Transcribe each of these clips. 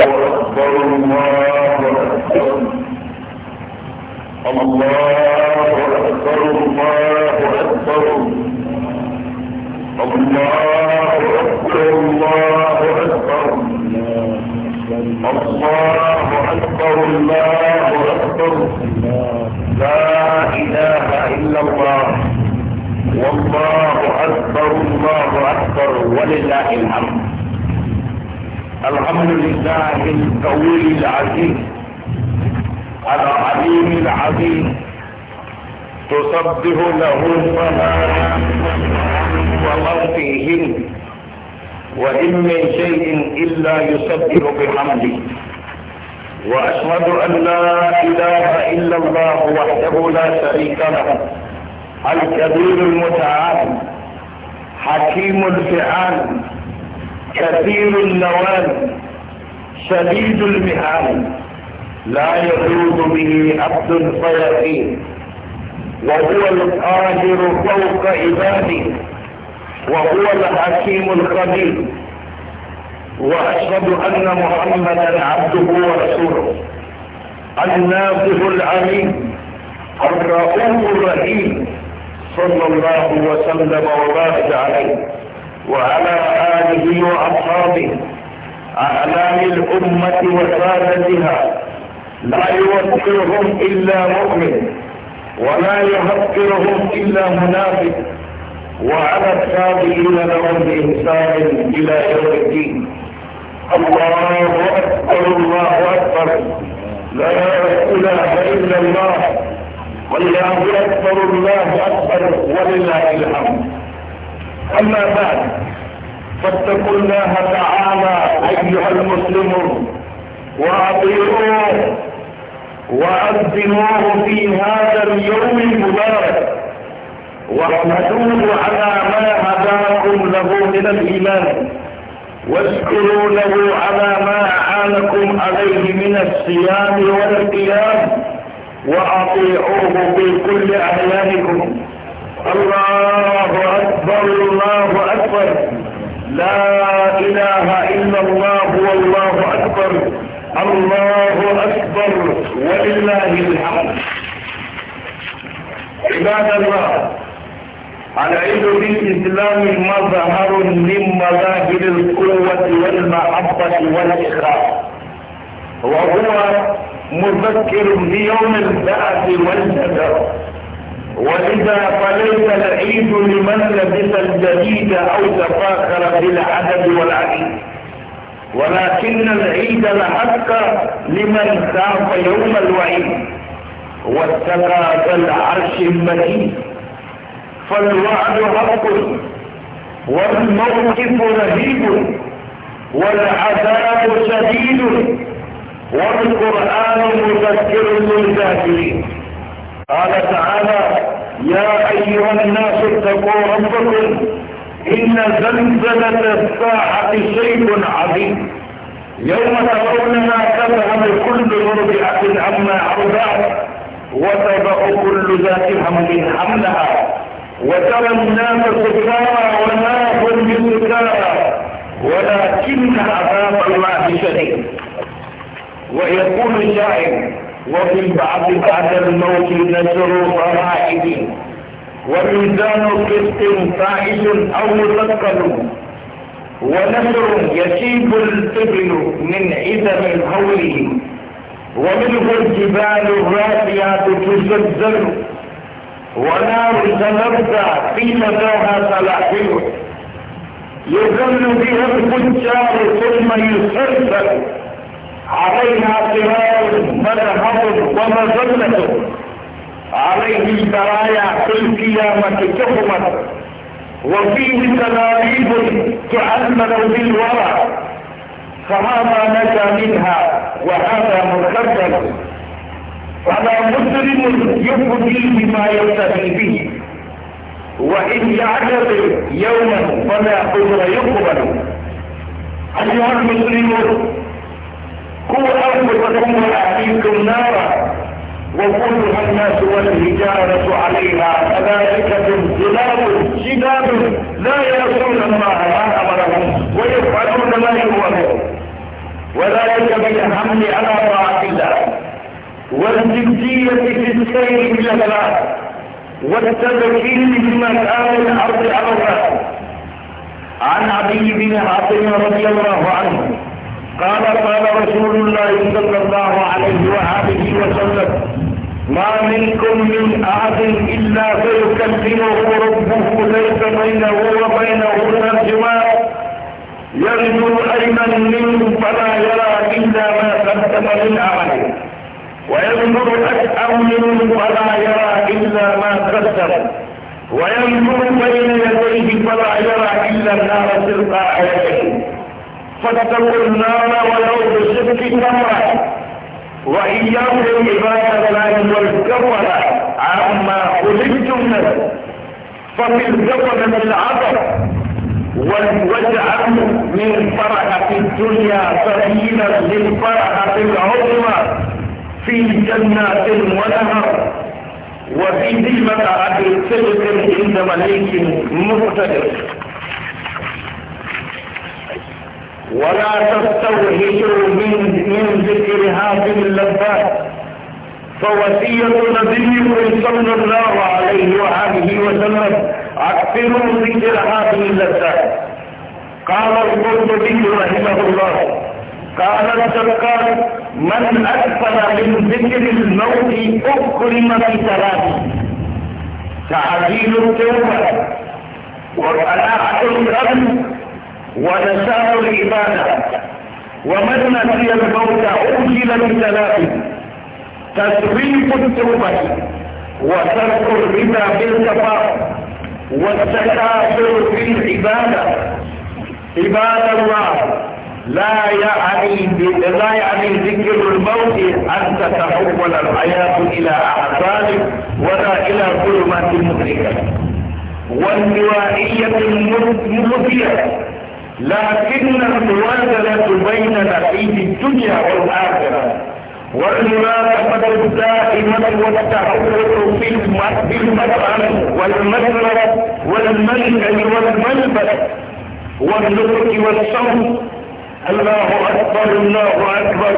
أكبر الله أكبر الله أكبر الله أكبر الله أكبر الله أكبر الله أكبر الله أكبر لا إله إلا الله والله أكبر الله أكبر ولله الحمد الحمد لله القوي العزيز العليم العظيم تصبح له الصلاة فيهن وإن من شيء إلا يصبه بحمده وأشهد أن لا إله إلا الله وحده لا شريك له الكبير المتعال حكيم الفعال كثير النوال شديد المهام لا يفوز به عبد الصياطين وهو القاهر فوق عباده وهو الحكيم الخبير واشهد ان محمدا عبده ورسوله الناصح العليم الرؤوف الرحيم صلى الله وسلم وبارك عليه وعلى آله وأصحابه أعلام الأمة وسادتها لا يوفرهم إلا مؤمن ولا يهفرهم إلا منافق وعلى السابقين لهم بإنسان إلى يوم الدين الله أكبر الله أكبر لا إله إلا الله والله أكبر الله أكبر ولله الحمد أما بعد فاتقوا الله تعالى أيها المسلمون وأطيعوه وأذنوه في هذا اليوم المبارك واحمدوه على ما هداكم له من الإيمان واشكروا له على ما أعانكم عليه من الصيام والقيام وأطيعوه في كل أعيانكم الله أكبر الله أكبر لا إله إلا الله والله أكبر الله أكبر ولله الحمد عباد الله العيد الإسلام مظهر من مظاهر القوة والمحبة والإخلاص وهو مذكر بيوم البعث والجزاء وإذا فليت العيد لمن لبس الجديد أو تفاخر بالعدد والعديد ولكن العيد الحق لمن خاف يوم الوعيد واتقى كالعرش العرش المجيد فالوعد حق والموقف رهيب والعذاب شديد والقرآن مذكر للكافرين قال تعالى يا أيها الناس اتقوا ربكم إن زلزلة الساعة شيء عظيم يوم ترونها تذهب كل مرضعة عما أرضعت وتضع كل ذات حمل حملها وترى الناس سكارى وما هم بسكارى ولكن عذاب الله شديد ويقول الشاعر وفي بعض بعد الموت نشر فرائد وميزان قسط فائز أو مثقل ونشر يشيب الطفل من عدم هوله ومنه الجبال الراسيات تزلزل ونار تنبدا في مداها سلاحل يظل بها الفجار ثم يسلسل عليها قرار مذهب ومظلة عليه سرايا في القيامة تحمت وفيه تلاليب تعمل بالورى فهذا نجا منها وهذا مكذب فلا مسلم يفديه ما يفتدي به وإن يعجب يوما فلا عذر يقبل أيها المسلمون هو أنفسكم وأهليكم نارا وكلها الناس والحجارة عليها ملائكة ظلام شداد لا يعصون الله ما أمرهم ويفعلون ما يؤمرون وذلك بالحمل على طاعة الله والجدية في السير بالأخلاق والتذكير بما كان الأرض على عن عدي بن عاصم رضي الله عنه قال قال رسول الله صلى الله عليه وآله وسلم ما منكم من أحد إلا سيكلمه ربه ليس بينه وبينه ترجمان يرجو أيمن منه فلا يرى إلا ما قدم من أعمله وينظر أشأم منه فلا يرى إلا ما قدم وينظر بين يديه فلا يرى إلا النار تلقى عليه فتتقوا النار ولو بصدق نمرة وإياكم عباد الله والكفرة عما خلقتم منه ففي الجبل من العطر واجعل من فرحة الدنيا سبيلا للفرحة العظمى في جنات ونهر وفي ذمة عدل صدق عند مليك مقتدر ولا تستوهجوا من, من ذكر هذه اللذات فوصية نبيكم صلى الله عليه وآله وسلم أكثروا ذكر هذه اللذات قال القرطبي رحمه الله قال الزكار من أكثر من ذكر الموت أكرم بثلاث تعديل التوبة وقناعه الغم ونساه العبادة ومن نسي الموت من بثلاث تسريب التوبة وترك الربا بالكفاء والتكاثر في العبادة عباد الله لا يعني لا يعني ذكر الموت أن تتحول الحياة إلى أحزان ولا إلى ظلمات مدركة والنوائية المدية لكن الموازنة بين نعيم الدنيا والآخرة والمنافقة الدائمة والتحول في المطعم والمسرة والمنزل والملبس والنطق والصوت الله أكبر الله أكبر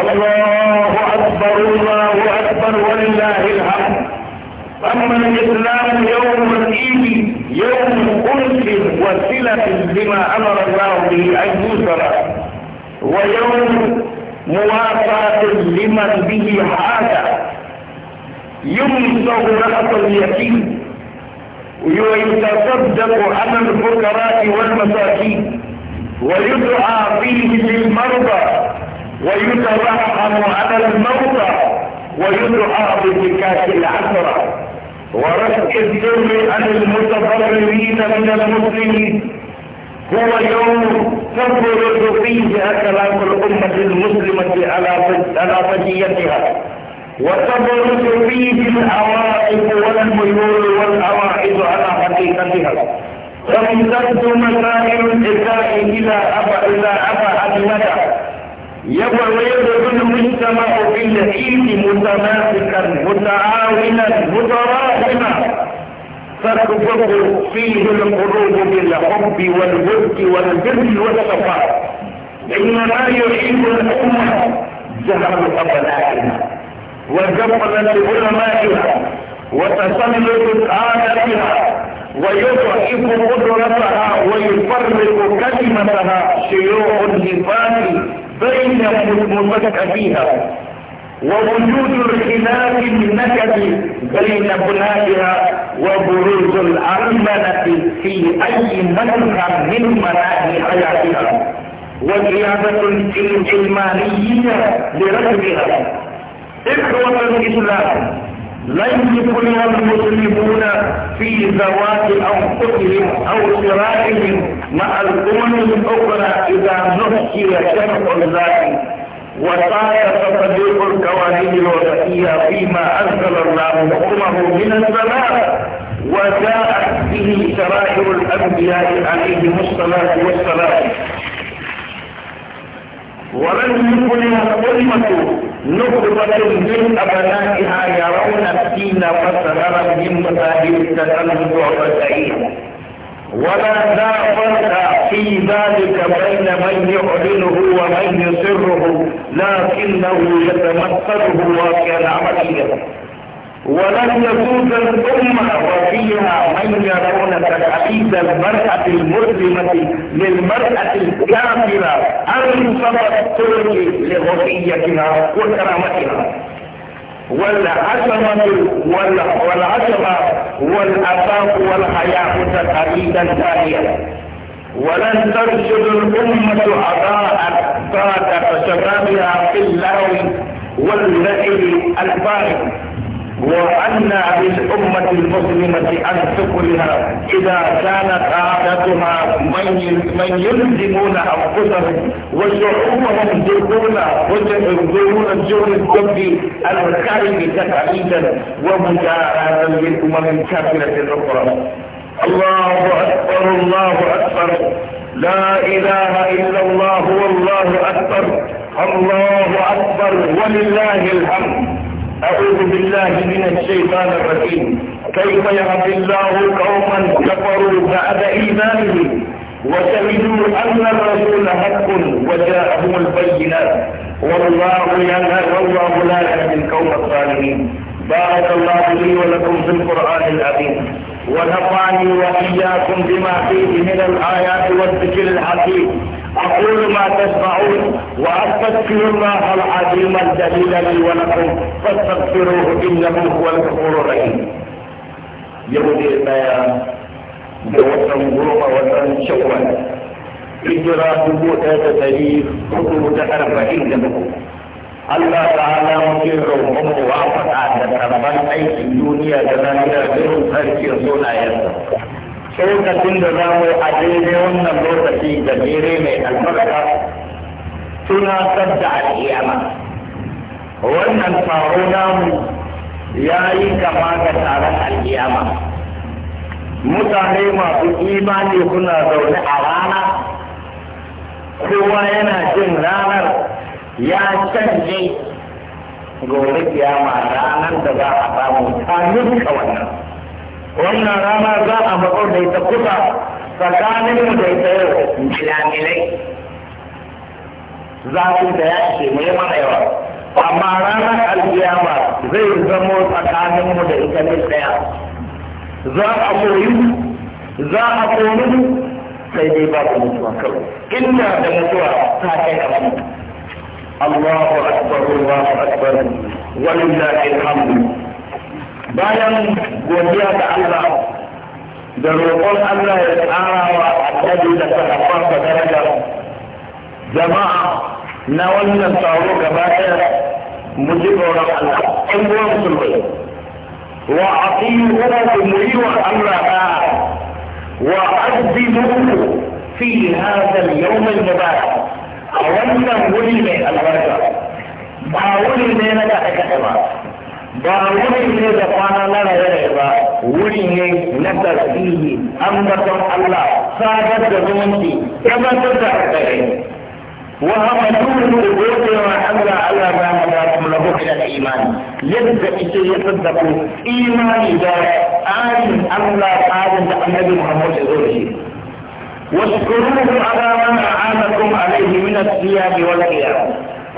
الله أكبر الله أكبر ولله الحمد أما الإسلام يوم الإيد يوم أنس وسلة بما أمر الله به أن يوصل ويوم مواساة لمن به حاجة يمسك رأس اليتيم ويتصدق على الفقراء والمساكين ويدعى فيه للمرضى ويترحم على الموتى ويدعى بزكاة العشرة ورفع الذل عن المتضررين من المسلمين هو يوم تفرض فيه أكلام الأمة المسلمة على فجيتها وتبرز فيه العوائق والميول والعوائد على حقيقتها فامتد مسائل الإساء إلى أبعد مدى يبقى ويبقى المجتمع في العيد متماسكا متعاونا متراحما فتفضل فيه القلوب بالحب والود والبر والصفاء انما يعيد الامه جهل ابنائها وجفلة علمائها وتسلط عادتها ويضعف قدرتها ويفرق كلمتها شيوع النفاق بين فيها ووجود الخلاف النكد بين بنائها وبروز الأرملة في أي مذهب من مناهي حياتها وزيادة العلمانية لرجلها إخوة الإسلام لن يكون المسلمون في زواج أنفسهم أو صراعهم مع الأمم الأخرى إذا نحكي شرع ذلك وصار تطبيق القوانين الوضعية فيما أنزل الله حكمه من السماء وجاءت به شرائع الأنبياء عليهم الصلاة والسلام ولن يكن الظلمة نقطة من أبنائها يرون الدين فسهرا من مساجد التسلط فسعيدا ولا ذا فرق في ذلك بين من يعلنه ومن يسره لكنه يتمثله واقع عمليا ولن يكون الأمة وفيها من يرون تحديد المرأة المسلمة للمرأة الكافرة أنصف الترك لغبيتها وكرامتها والعشمة والعشمة والأفاق والحياة تقاليدا ثانية ولن ترشد الأمة أضاء طاقة شبابها في اللهو واللعب الفارغ وأن للأمة المسلمة أن تكلها إذا كانت عادتها من يلزمون أنفسهم وشعوبهم دخول دخول الجور الطبي الخارجي تقعيدا ومجاهدا للأمم الكافرة الأخرى الله أكبر الله أكبر لا إله إلا الله والله أكبر الله أكبر ولله الحمد أعوذ بالله من الشيطان الرجيم كيف يهدي الله قوما كفروا بعد إيمانه وشهدوا أن الرسول حق وجاءهم البينات والله ينهى والله لا يهدي القوم الظالمين بارك الله لي ولكم في القرآن العظيم ونفعني وإياكم بما فيه من الآيات والذكر الحكيم اقول ما تسمعون واستغفر الله العظيم الجليل لي ولكم فاستغفروه انه هو الغفور الرحيم. يهودي البيان بوطن غربة وطن شوى إجراء بوطة تريف خطو تحر الرحيم لكم الله تعالى مجير رحمه وعفت عهد الدنيا أي دنيا جنانية غير فرش يصول آياته lokacin da za mu a daidai wannan lokaci da mere mai albarka tunatar da al'iyama wannan taro namu ya yi kama ga taron al'iyama mutane masu imani suna zaune a rana kowa yana jin ranar ya canje gobe kiyama ranar da za a samu ta nuka wannan wannan rana za a mako da ita kusa tsakanin mu da ita yau milamilai zafi da ya ce mai mana yawa amma ranar alkiyama zai zamo tsakanin mu da ita mai tsaya za a koyi za a koyi sai dai ba ku mutuwa kawai inda da mutuwa ta kai a mutu الله أكبر الله أكبر ولله الحمد bayan godiya ga Allah da roƙon Allah ya tsara wa annabi da sahabban da daraja jama'a na wannan taro gaba ɗaya mu ji tsoron Allah ɗan ruwan musulmai wa aqimu ku mu yi wa Allah ɗa'a wa azzimuhu fi hadha al-yawm al-mubarak a wannan wuri mai albarka ba wuri ne na kaɗe-kaɗe ba ba wurin ne da kwana na raye ba wuri ne na tasiri ambaton Allah sadar da zumunci gabatar da alƙarai wa hamadun da gobe wa Allah Allah ba mu da kuma na hukumar imani yadda ita ya saddako imani da tsarin Allah tsarin da annabi Muhammad ya zo da shi واشكروه على ما أعانكم عليه من الثياب والقيام.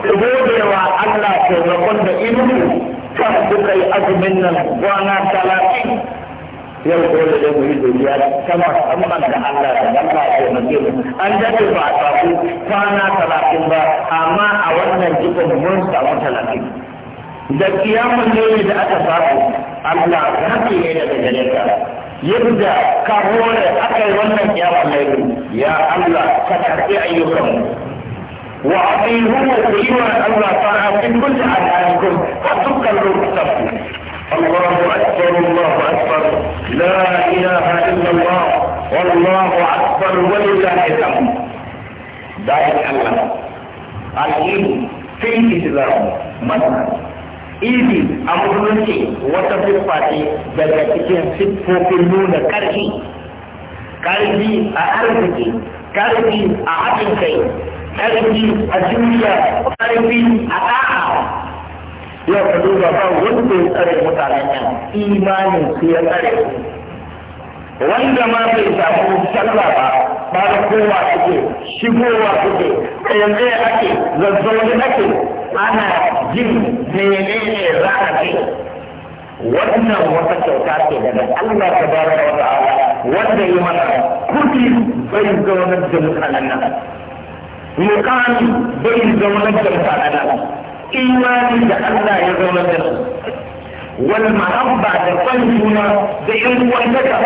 تبودي وعلا تبقون بإبنه kan kuka yi azumin nan kwana talatin yau ko da zai yi duniya sama amma da Allah da Allah ya taimake mu an dace ba a samu kwana talatin ba amma a wannan jikin mun samu talatin da kiyamun ne da aka samu Allah kafi ne daga gare ka yadda ka hore aka yi wannan kiyamun ne ya Allah ka karɓi ayyukanmu وأطيعوه فيما أمر طاعة في كل أعمالكم فتقبلوا بالصبر الله أكبر الله أكبر لا إله إلا الله والله أكبر ولله الأمر ذلك الله العلم في الإسلام مثلا إيدي a musulunci wata siffa ce daga cikin siffofin nuna ƙarfi, ƙarfi a arziki, ƙarfi a haɗin ƙarfi a duniya ƙarfi a ɗa'a yau ka duba ba wanda ya tsare mutanen nan imanin su ya tsare wanda ma bai samu sallah ba ba da kowa ake shigowa ake tsaye ake zazzauni ake ana jin menene ce. wannan wata kyauta ce daga Allah ta bara wa ta'ala wanda ya mana kudi bai zaunar da mutanen nan muƙami bai zaunar da mutane imani da Allah ya zaunar da su wal mahabba da san juna da yan uwantaka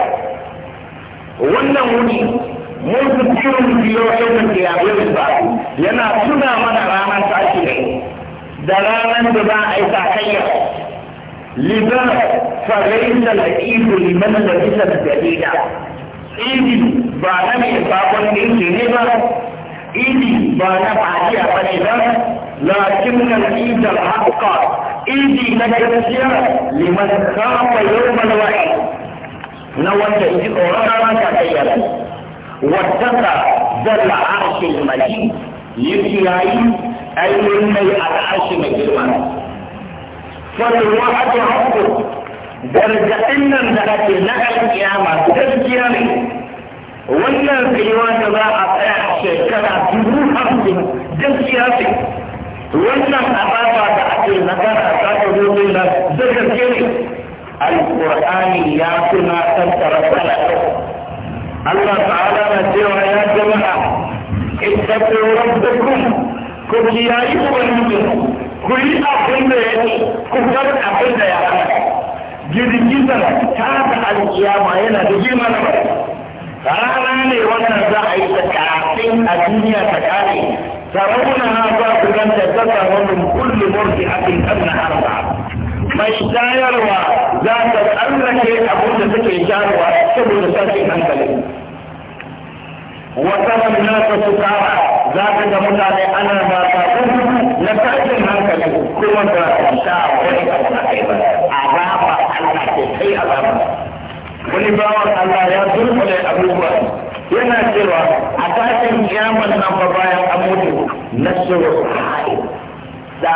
wannan wuni mun fi ciwon biyo yau da yawon ba yana tuna mana ranar tashi da da ranar da za a yi sakayya liba farayin da la'idu liman da bisa da dalila idi ba na mai sabon ɗinki ne ba إيدي ما نفع فيها فإذا لكن الإيد الحق إيدي نجسية لمن خاف يوم الوحي نوانت إيدي قرانا ما تخيلا واتقى ذا العرش المجيد يكياي أي من العرش مجرمان فالواحد ربه درجة إن ذلك لها القيامة تذكيرني wannan tsayuwa da za a tsaya shekara dubu hamsin gaskiya ce wannan azaba da ake nagara za ta zo min nan da alkur'ani ya alqur'ani ya tuna tantara talaka Allah ta'ala na cewa ya jama'a ittaqu rabbakum ku kiyayi ubangijinku ku yi abin da ya yi ku bar abin da ya hana girgizar ta da alƙiyama yana da girma na rana ne wannan za a yi ta kafin a duniya ta kare ترونها ذات من تتبع من كل مرضعة أبنى أربعة mai shayarwa za ta tsallake abin da suke shayarwa saboda sashen hankali wata na ta sukara za ta ga mutane ana ba ta na sashen hankali kuma ba ta sha wani abu na kai ba a raba Allah ke kai a raba wani bawan Allah ya turkule abubuwa yana cewa a tashin kiyaman nan ba bayan an mutu na shiru da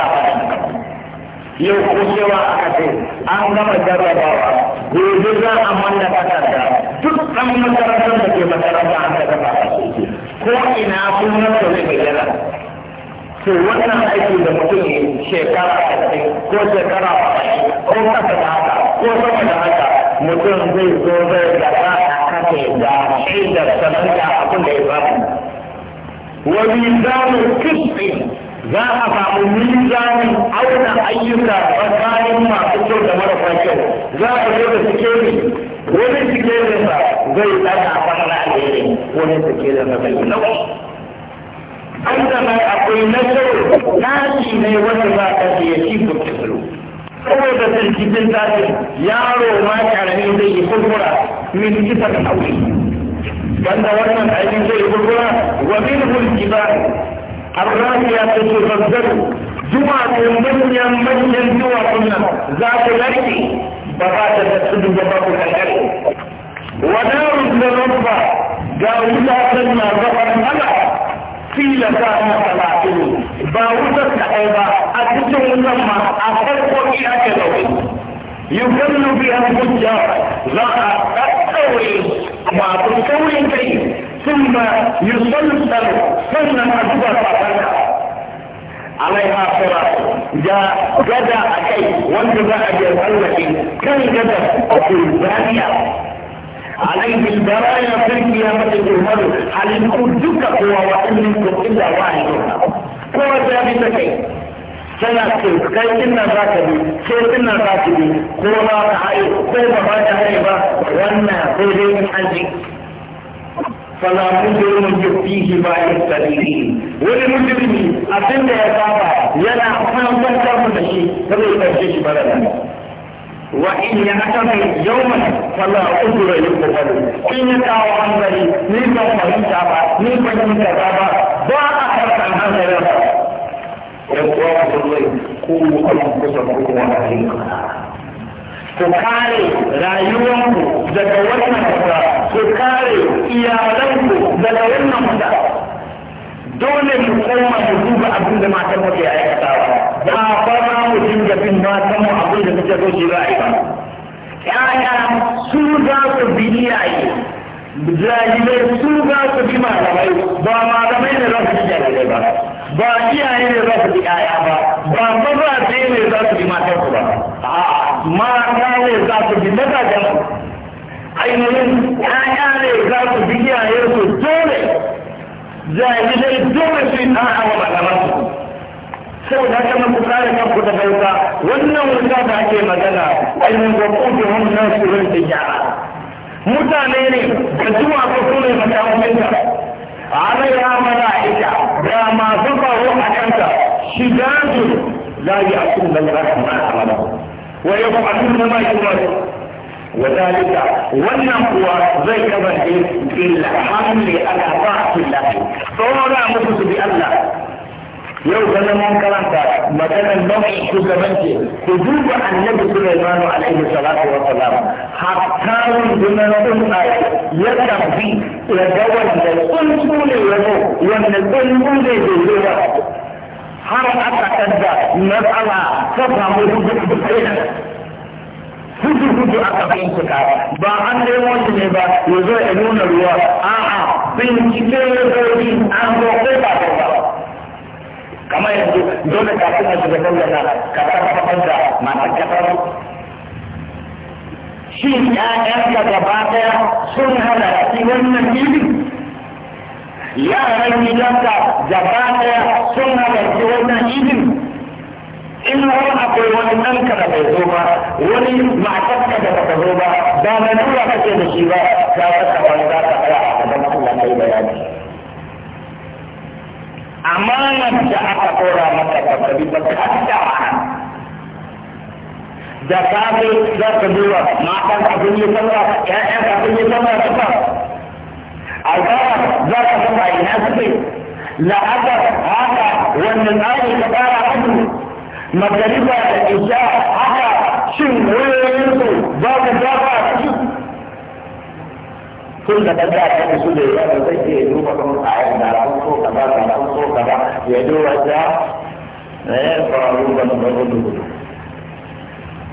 yau ko cewa a ce an gama jarrabawa gobe za a manna takarda duk ɗan makarantar da ke makaranta an daga ba ko ina sun nan da zai bayyana to wannan aiki da mutum shekara ko shekara ko kasa da haka ko sama da haka mutum zai zo zai gaba a da shi da sanar da abin da ya samu Wani zamun kisti za a samu mizanin auna ayyuka tsakanin masu kyau da marasa kyau za a zo da ne. wani ne ba zai tsaka a fara alheri wani sikelin na zai nauyi an zama akwai na kyau nashi ne wani za ka siya shi kuma saboda firgitin zafi yaro ma karami zai yi kurkura min kisa da hauri banda wannan aikin zai yi kurkura wa min hulkiba arrafiya ta ce zazzaru duwatsun manyan manyan zuwa sunan za ta narke ba ba ta tattudu ba ba ku kankare wa darun da rumfa ga wuta kan na Allah kila za a talatin ba wutar kaɗai ba a cikin wutan ma a farko ina ke zaune yukallu bi an hujja za a ɗaɗɗaure masu saurin kai sun yi yusallar sannan a zuba sakanka alaiha sura ya gada a kai wanda za a je tsallake kan gada a kurzaniya عليه البرايا في قيامة الأمم هل يكون جكا هو وإن منكم إلا واحد هو ثابت كيف tana ce kai ina za ka bi ke ina za ka bi ko ba ka haye ko ba ba ka haye ba wannan sai dai in an ji fala mujrimu yufihi ma yastadihi wani mujrimi abin da ya saba yana kwantar da shi sai ya karshe shi ba da وإن يعتبر يوما فلا أجر يقبل إن يقع عمري من يوم ينتابع من يوم ينتابع باع أحد عن هذا الأمر يقوى الله قوة أنفسكم وأهلكم ku kare rayuwanku daga wannan fita ku kare iyalanku daga wannan fita dole mu koma mu duba abin da matan aikatawa ba fara mu dinga bin matan mu abin da muke so shi za a yi ba ƴaƴa su za su bi iyaye jahilai su za su bi malamai ba malamai ne za su bi jahilai ba ba iyaye ne za su bi ƴaƴa ba ba mazaje ne za su bi matan su ba a'a mata ne za su bi mazajen ainihin ƴaƴa ne za su bi iyayen su dole jahilai dole su yi ɗa'a wa malaman su saboda haka mun kare kanku da bauta wannan wanda da ake magana al-muqaddihum da tijara mutane ne da zuwa ko sune makamanka alaiha Ita. da masu faru a kanta shidaju la ya'tun bil rahman amala wa yaf'alun ma yumaru وذلك والنقوى زي كما في الحمل على طاعة الله فهو su bi Allah. yau ga mun karanta maganar nau'in shugabanci ku duba annabi Sulaiman alaihi salatu wa salam hatta rundunar tsuntsaye ya tafi ya ga wanda tsuntsu ne ya zo wanda sun ne bai zo ba har aka tadda matsala ta samu rubutu hudu hudu aka bincika ba an nemo shi ne ba ya zo ya nuna ruwa a'a bincike ya zo an zo ko ba kamar yanzu dole kafin a shiga sallana ka tabbatar da masu kasar shi ƴaƴanka gaba ɗaya sun halarci wannan filin yaran gidanka gaba ɗaya sun halarci wannan filin in har akwai wani ɗanka da bai zo ba wani matarka da bata zo ba ba na nuna kake da shi ba ta wata za ka tsaya a gaban Allah kai bayani amanat jahat orang masyarakat terlibat kekacauan. Jakarta sudah kedua, makan tak punya semua, kaya tak punya semua tetap. Agar zakat sampai nasib, lahatah haka dan menari kepada aku. Maka riba isyarat haka, syumul itu, zakat zakat. tun da ɗan ya kan su da ya da zai iya duba kan kayan da sun so kaza da sun so kaza ya duba ja na yin faru da su da gudu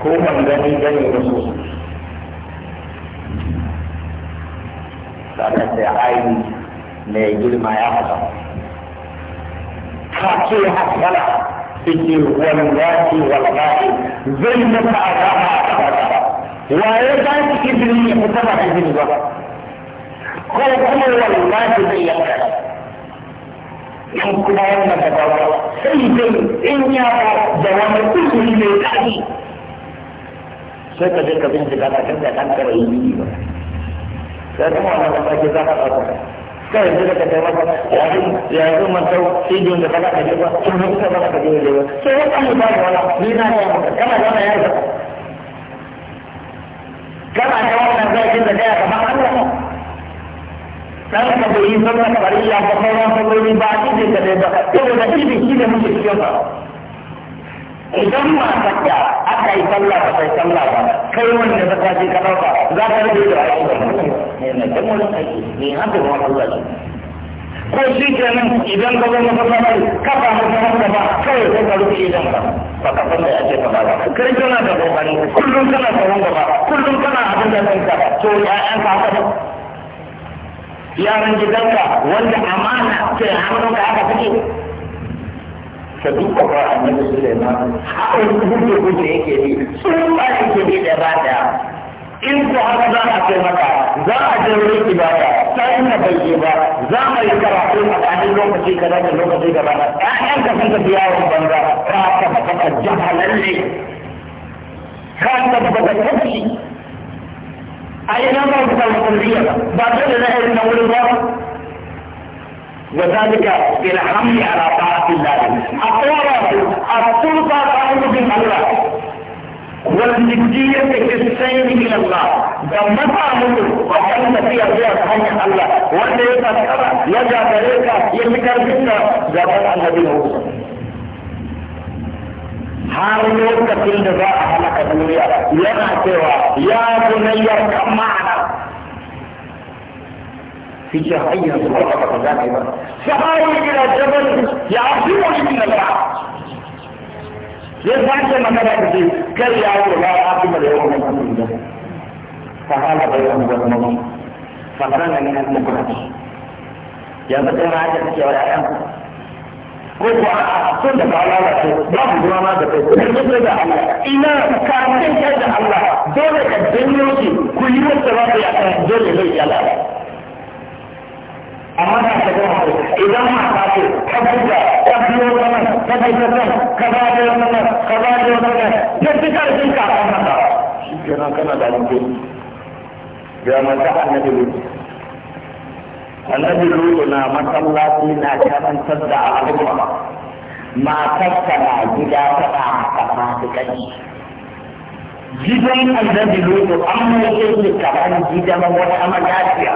ko ban gani gani da su sannan sai aini mai girma ya haka ka ce hasala suke wallahi wallahi zai maka azama a kasa wa ya ba ki izini ya fita ba izini ba ko kuma wallahi zai yanka in kuma wannan da ba sai dai in ya da wani uzuri mai tsari sai ka je ka bincika ka canza kan kare yi ba sai kuma wannan ke za ka ɗauka kawai da ka kai yayin yayin man tau sai jin da kana kaje ba kun mun ka baka kaje wani. sai wani mu ba wala ni na ya maka kana da ya ka kana da wannan zakin da kai kamar Allah dan ka bai yi sallar farilla ba sauran salloli ba ka dai ba saboda idin shi ne muke cikin ba idan ma sakka aka yi sallah ba sai sallah ba kai wanda ka kaje ka dauka za ka rage da aiki ne ne dan ne ne haka ma sallah ba ko shi kenan idan ka zama masallaci ka ba masallaci ba kawai sai ka rufe idan ka ba ka san da ake faɗa ba kai kana da kokari kullum kana tsaron gaba kullum kana abin da kanka to ya'yan ka haka yaran gidanka wanda amana ce hannunka haka suke ka duka ba annabi Sulaiman hakan kuma kuke yake bi sun ba yake bi da ba da in ko haka za a ce maka za a je wurin ibada ta inda bai ba za a yi karatu a kanin lokaci kaza da lokaci gaba ƴaƴan ka sun tafi yawon banza ka tabbata jahalalle ka ta kafi أي na ba ku samu kulliya ba dole na وذلك بالحمل على طاعة الله الطورة السلطة تعود بالله والنجية في السير إلى الله دمتا منه وحلت في أبيات حمي الله وأن يتذكر يجعل ذلك يمكن منه زمان النبي موسى har lokacin da za a halaka duniya yana cewa ya bunayyar kan ma'ana في حي الصلاة فذاهبا فحاول إلى جبل يعصمني من البعض يزعج من رأسي كي يعود لا أعصم اليوم من أمين فقال بينهم وبينهم فكان من المكرم يا بكر عاجبك يا ولد ko ko a sun da ba ba babu ruwa ma da kai kai ne da Allah ina ka kai a da Allah dole ka danyo shi ku yi wata ba da yakan dole zai ya la. amma na ta gama idan ma ka ce ka buga ka biyo mana ka bai ta ka ba da mana ka ba da mana da duka ka kana da shi kenan kana da mutum ya mata annabi annabi lulu na masallaci na karantar da al'umma matarsa na gida faɗa maka fasikanci gidan annabi lulu an mai ne kamar gidan wata magajiya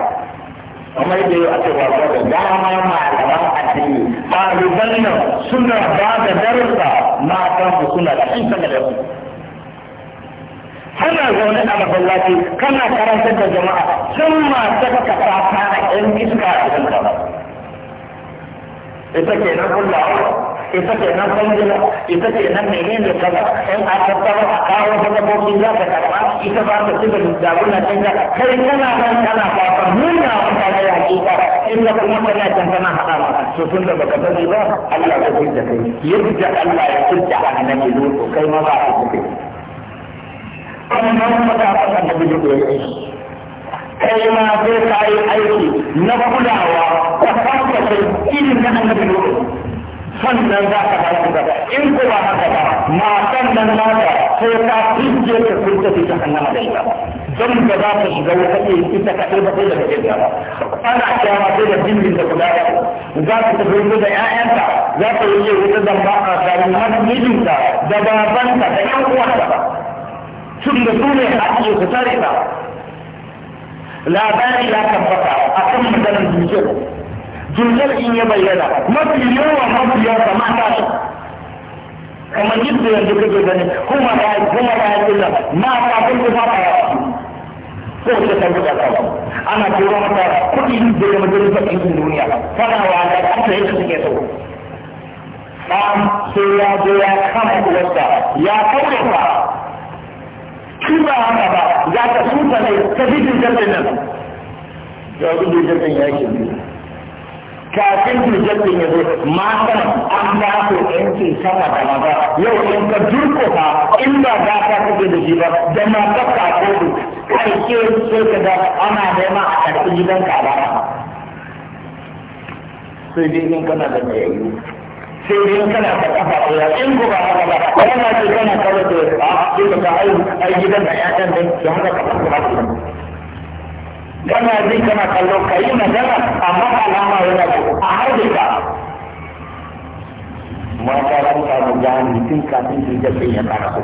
kamar da yau ake wato da dama malaman addini ɗaliban nan suna ba da darussa matan su suna da kan da su kana zaune a masallaci kana karantar da jama'a sun ma saka ka ta a yan iska a cikin ka ita ke nan kullawa ita ke nan kwangila ita ke nan menene kaza in a tattara a kawo bobi za ka karɓa ita ba ta cika jaguna can ka kai kana nan kana fata nuna mutane ya in da kuma kana can kana haɗa ma to tun da baka sani ba Allah ya da kai yadda Allah ya fidda annabi lutu kai ma ba ka fidda kai amma kuma ta fasa da bijin da ya kai ma sai ka aiki na kulawa ka fasa da irin na annabi lokacin sannan za ka fara da in ko ba haka ba matan nan naka sai ka tsinje ka kunta ta jahannama da ita don da za ta shiga wata ne ita ka ɗaya ba sai da ka jirga ba ana kyawa sai da jimbin da kula za ta tafi da 'ya'yanta za ta yi wuta zamba a tsarin mijinta da babanta da 'yan uwanta tun da su ne ake ku tare ta labari ya tabbata a kan maganar dukiyar dukiyar in ya bayyana mafi yawa mafi yawa mata su kamar yadda yanzu kake gani kuma da kuma da yake da mata kun ku fara yawa ko ta tabbata da kawo ana tura mata kuɗi daga majalisar ɗinkin duniya tana wa da kanta yadda suke so ɗan sai ya zo ya kama uwarsa ya kaure ta shi ba haka ba za ka suta ne ka fi jirgin nan ga wani jirgin ya ke kafin jirgin ya zo matan an ba su yanki sama da maza yau in ka ba in ba za ka kake da shi ba da mata ka kodu kai ke sai ka ga ana nema a karɓi gidan ka ba sai dai in kana da mai yayyu sai dai kana ka kafa ɗaya in ko ba haka ba kana ce kana kawai da a duka ka ai ai gidan da ƴaƴan da su haka ka kafa su kana ji kana kallo kai magana amma alama yana da a harbe ka mata sun samu jahannami tun kafin su ga sai ya kara ku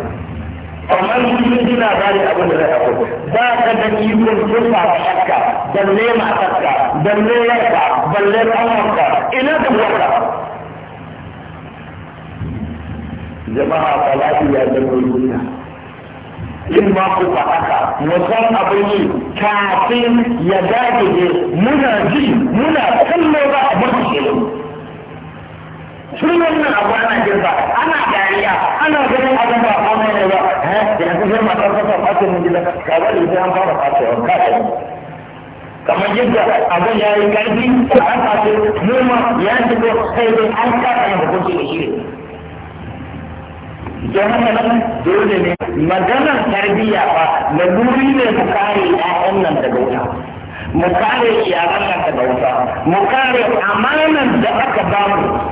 amma mutum yana bari abin da zai ku ba ka da ikon kurfa a shakka balle ma shakka balle yarka balle tsawonka ina da wata jama'a falati ya zama duniya in ma ku haka mu san abin yi kafin ya dage muna ji muna kallo ba a mutu shi sun wannan abu ana girba ana dariya ana ganin abin ba a ne ba eh, da yanzu sai matar kasa fashe mun gida ka bari sai an fara fashewa ka da kamar yadda abin ya yi karfi an fashe noma ya ko sai dai an kasa yin hukunci da shi don haka nan dole ne maganar tarbiyya fa laluri ne mu kare ƴaƴan nan daga wuta mu kare iyalan nan daga wuta mu kare amanan da aka ba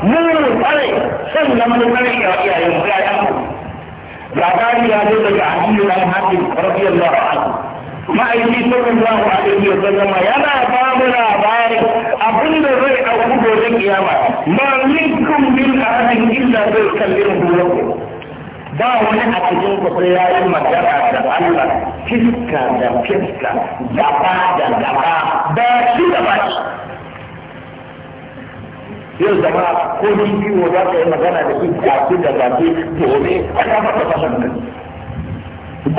mu mu kare sannan mu kare iyayen mu ƴaƴan mu labari ya zo daga Aliyu dan Hakim radiyallahu anhu ma'aiki sallallahu alaihi wa zama yana ba mu labarin abin da zai auku gobe kiyama ma minkum min ahadin illa zai kalliru rabbuh ba wani a cikin kusa ya yi magana da Allah fiska da fiska gaba da gaba ba shi da ba yau zama ko ni biyu za ka yi magana da shi shi da baki domin a kafa da fasar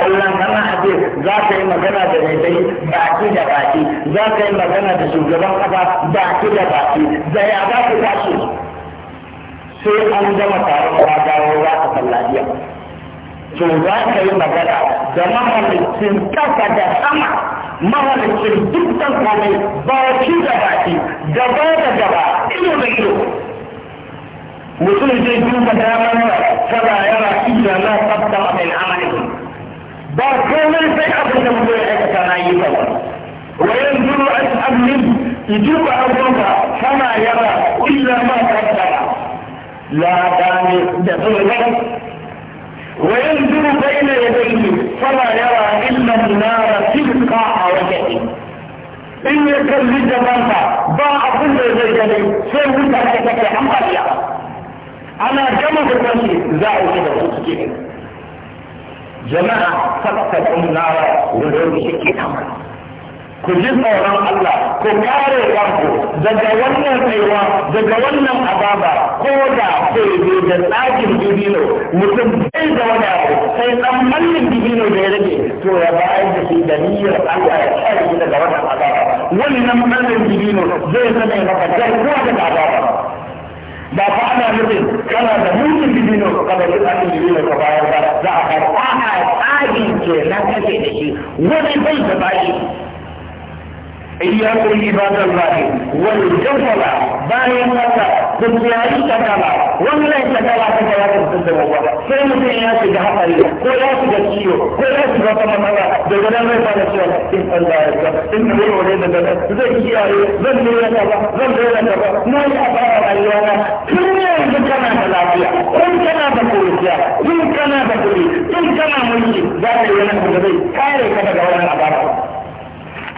Allah kana ce za ka yi magana da mai dai baki da baki za ka yi magana da shugaban kafa baki da baki da ya za ku tashi sai an gama taron ka dawo za ka sallajiya to za ka yi magana da mahalicin kasa da sama mahalicin dukkan komai baki da baki gaba da gaba ido da ido mutum zai duba damar tana yana iya na tsabta a mai amalin ba komai sai abin da mutum ya aikata na yi ba wayan zuru an amin ijiba abubuwa tana yana illa ma tsabta la gane da zai وينظر بين يديه فلا يرى إلا النار تلقى وجهه إن يكن لجبانك باع كل زيجل سيهو تحكتك عن أنا جمع بطنشي زاو كده وشكين جماعة فقط النار نارا ولو بشكين ku ji tsoron Allah ku kare kanku daga wannan tsayuwa daga wannan ababa ko da kwebe da tsakin dibino mutum bai da wani abu sai dan mallin dibino da ya rage to ya bayar da shi da niyyar Allah ya kare shi daga wannan ababa wannan mallin dibino zai zama maka garkuwa daga ababa ba fa ana nufin kana da mutum dibino ka kana da tsakin dibino ka bayar ba za a karɓa a tsari ke kake da shi wani bai da bayi iyakun ibadan lahi wal jawala bayan haka ku kiyayi takala wannan takala ta ga wata kama sai mutum ya shiga hatsari ko ya shiga ciwo ko ya shiga da gudan zai fara cewa in Allah ya in da da zai kiyaye zan zan na yi a fara rayuwa na tun yanzu kana da lafiya kun kana da kun kana da kuri kun kana mulki za ka yi wani abu da zai kare ka daga wannan abara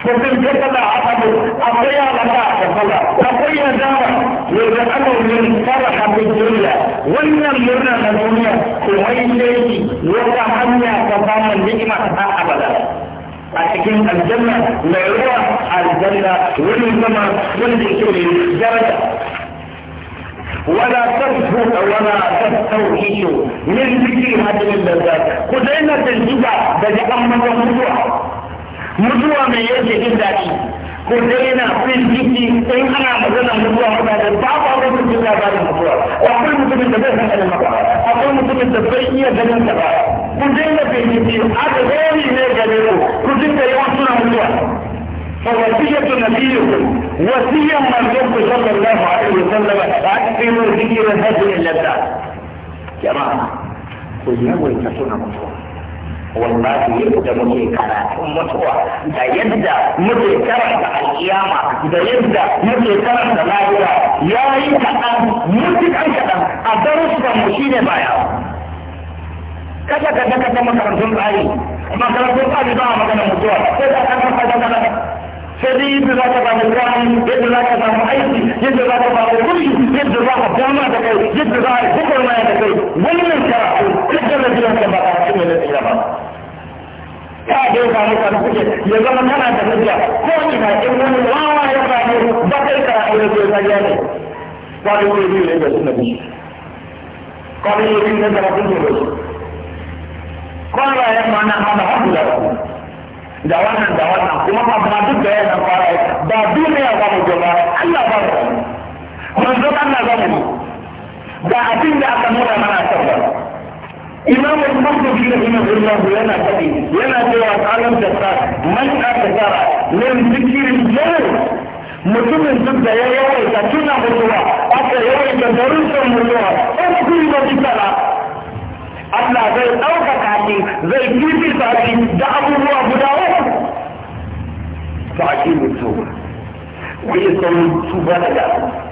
mutum ta kada a abu akwai yalata a kafala akwai nadama ne da aka yi fara haɗin duniya wannan murna na duniya ko mai sai wata hanya ta samun ni'ima ta abada a cikin aljanna mai ruwa aljanna wani zama wanda ke daraja ولا تسهو ولا تستوحشوا من ذكر هذه اللذات كلنا تنجد بجأم من الرجوع mutuwa mai yake jin daɗi ko dai yana fin jiki in ana magana mutuwa mutane ba ba ba su jin labarin mutuwa akwai mutumin da bai san kalma ba akwai mutumin da bai iya ganin ta ba ku daina bincike a da gani ne gare ku ku dinga yawan suna mutuwa فوصية نبيكم وصية منكم صلى الله عليه وسلم أكثروا ذكر هذه اللذات جماعة كل يوم تكون مصورة wallahi da muke karatun mutuwa da yadda muke karanta alkiyama da yadda muke karanta lahira ya yi kaɗan mutukan kaɗan a darussan mu shi ne baya kada ka daga ta makarantun tsari makarantun tsari ba a magana mutuwa sai da kan kasa daga nan sai dai yadda za ka samu kwani yadda za ka samu aiki yadda za ka samu kuri yadda za ka dama da kai yadda za ka yi hukumaya da kai wannan karatu yadda na jiran ka ba ka cin ne na tsira ba 他就是讲的什么事情，有个人他来怎么讲，过去他因为你娃娃要干的，把这个我就给他讲的，把这个利益给他弄的，把这个利益给他弄的，后来他们他们还不来。Jawanan, ya, kan, jawanan. Cuma apa pernah juga yang nampak Babi ni yang kamu jumpa. Allah kamu. Menurutkan lah kamu. Babi ni akan murah mana sahaja. إمام المقدسي رحمه الله لنا فدي لنا جواز عالم جسار من أكثر من ذكر الجنة mutumin duk da ya yawaita tuna mutuwa aka yawaita darussan mutuwa ɗan kuri ba bisara Allah zai ɗaukaka shi zai fifita shi da abubuwa guda uku ba a ce mutuwa ku yi saurin tuba daga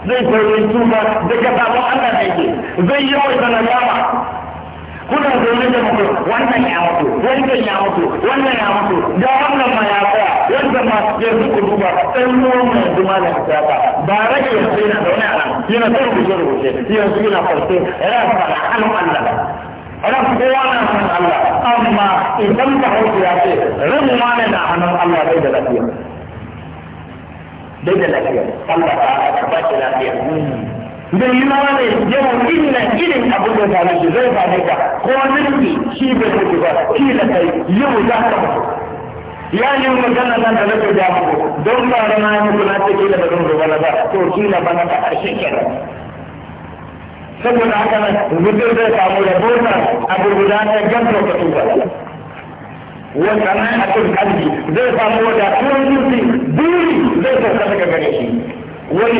zai saurin tuba daga sabon Allah ne zai yawaita na yama kuna zaune da mutum wannan ya mutu wannan ya mutu wannan ya mutu da wannan ma ya tsaya wanda ma yanzu ku duba ɗan ruwan mai duma da siyasa ba rage yanzu yana zaune a nan yana son rubuce rubuce yanzu yana farko yana fara halin Allah ran kowa na san Allah amma idan ka hauki ya ce ran ma ne na hannun Allah bai da lafiya bai da lafiya Allah ta ba lafiya zai yi mawa ne yau inna irin abin da zai shi zai same ka ko nufi shi bai mutu ba shi da kai yau za ka ba. ya yi magana nan da na nake ja ko, don ba da na muku na ce kila ba zan zo ba ba to kila ba na ka karshe kenan saboda haka nan mutum zai samu rabota a gurguda ta gamsa ka tuba wata na a cikin kalbi zai samu wadatuwar jinsi buri zai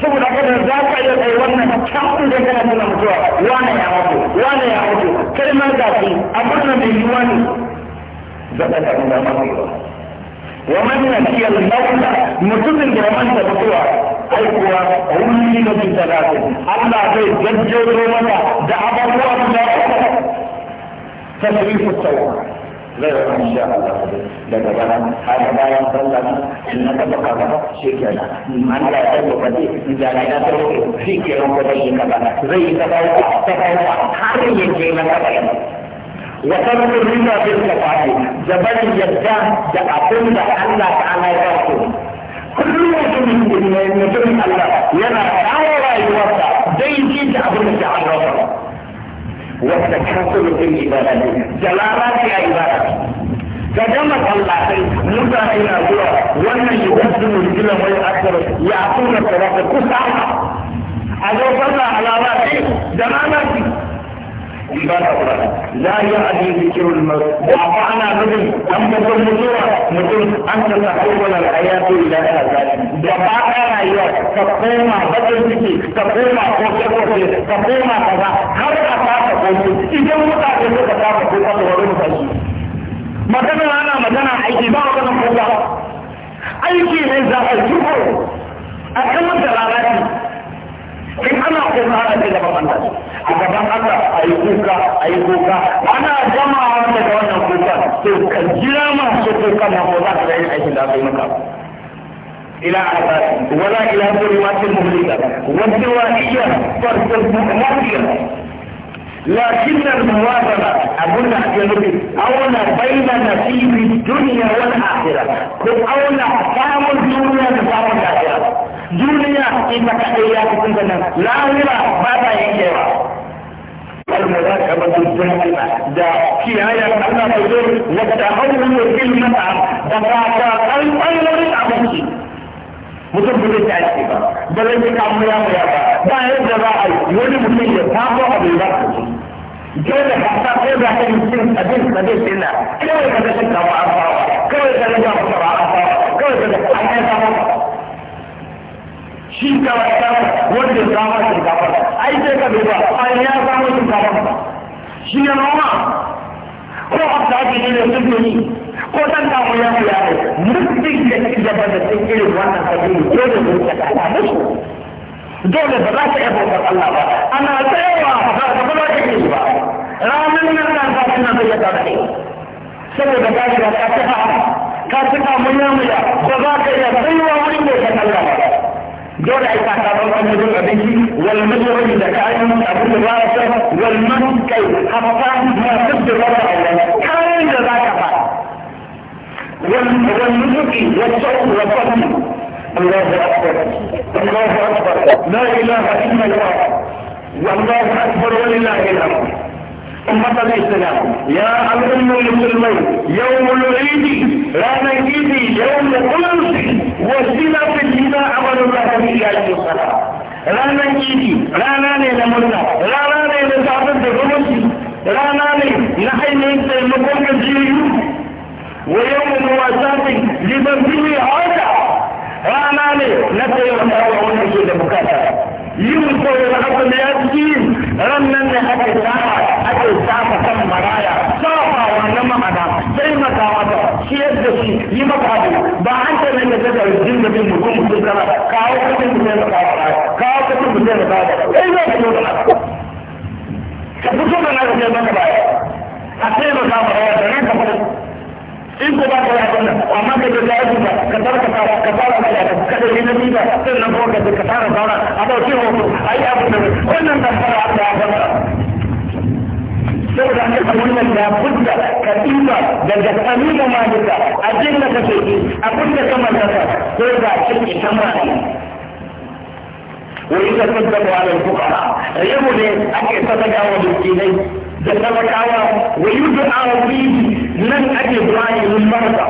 saboda kada za ka iya kai wannan can da kana nuna mutuwa wane ya mutu wane ya mutu kai ma ga shi abin da mai yiwuwa ne zaka da nuna mutuwa wa man nasiya al-mawt mutumin da man ta mutuwa ai kuwa hulli da bin talatin Allah zai jajjero mata da abubuwa da tasrifu tawba zai rabu insha Allah daga bana har bayan sallah in na taba kaza ba shi kenan Allah ya taba kaje jana ya taba shi kenan ko zai bana zai yi kaza ta kaza har ya je na kaza wa tarku riba bil kafati jabal yadda da abin da Allah ta'ala ya ba kullum mutumin mutumin Allah yana kawo rayuwarsa dai ji da abin da ke an ba. وتحصل في العبادات جلالات العبادات كدمت الله موسى الى هو وأن يقدم الجنة ويؤثر يعطون الصلاة كسعة أجو صلى على راسي جلالاتي لا يعني ذكر الموت وأطعنا بدل أن تكون مجورة نقول أن تتحول الحياة إلى هذا وقعنا يا تقوم بدل ذكي تقوم قوتك تقوم كذا هل أتاك قوتك إذا متى تتاك قوتك ورمتك magana ana magana aiki ba wata kuma aiki ne za a yi a kan wata lalata in kuka a yi kuka ana gamawa daga wannan kuka to ka jira masu kuka na ko za ka yi aikin da aka yi maka إلى عباس ولا إلى ظلمات مهلكة والدوائية فرد مؤمنية لكن الموازنة أقول أجنبي أولى بين نصيب الدنيا والآخرة كن أولى كام الدنيا نصاب الآخرة دنيا إنك إياك تنزل لا ولا بابا يجيبها المراقبة الدائمة دا كياية أنا بزر والتعاون في المطعم بقاطع قلب أي ورد عمشي mutum ba zai tashi ba ba zai yi kamuya muya ba ba yadda za a yi wani mutum ya tafi abu ya ba dole ka sa ko da ka yi cin abin da zai tsina kawai ka zai shi kawo an fawa kawai ka zai ga kuma ba an fawa kawai ka zai an kai shi da wata wanda ya samu shinkafa ai sai ka duba ai ya samu shinkafa shi ne noma ko abda ake ne sun yi ko dan da mu ya ya ne mutum da ke gaba da cikin irin wannan sabili dole ne ka ta musu dole ba za ka iya bautar Allah ba ana tsayawa ba ka ba ka yi ba ranar nan nan ka tana da ya ta saboda ka ga ka ta ka ta mu ya mu ya ba za ka iya tsayuwa wurin da ka Allah ba dole ai ka samu wani jin abinci wal majrami da kayan abin da ba ta wal man kai hatta ma sabbi rabba Allah kayan da zaka fa wal wal nuzuki wal sawu wal fadl الله أكبر الله أكبر لا إله إلا الله والله أكبر ولله الأمر يا أمم المسلمين يوم العيد لا العيد يوم القدس وسيلة الجنة أمر الله به لا ناني لمنا لا ناني لنمنا رانا لا ناني رانا لنحن المقوم الجيد ويوم مواساة لتنزيل هذا رانا لنتعبد الرمسي لبكاتا يوصل العظم يبكي rannan da ake saba ake saba kan maraya saba wannan ma'ana sai makawa da shi yadda shi yi maka abu ba an ta nan da ta da jin da bin mutum mutum kana kawo kudin mutum da kawo kawo kudin mutum da kawo sai zai fito da naka ka fito da naka sai maka baya a sai maka maraya da nan ka fito in ko ba ka yi abin nan amma ka je lafi ba ka tara ka fara ka fara ka yaka ka da na riba sai na kuma ka je ka fara fara a dauke hoto a yi abin da wannan ban fara abin da ya fara saboda an kasa wannan da budda ka ɗiba daga kamilu malika abin da ka ce abin da ka mallaka ko da cin ita ma'ana ويتصدق على الفقراء يبني أن يتصدق على المسكينين da talakawa wa yudu a wuri nan ake du'a'i mun marasa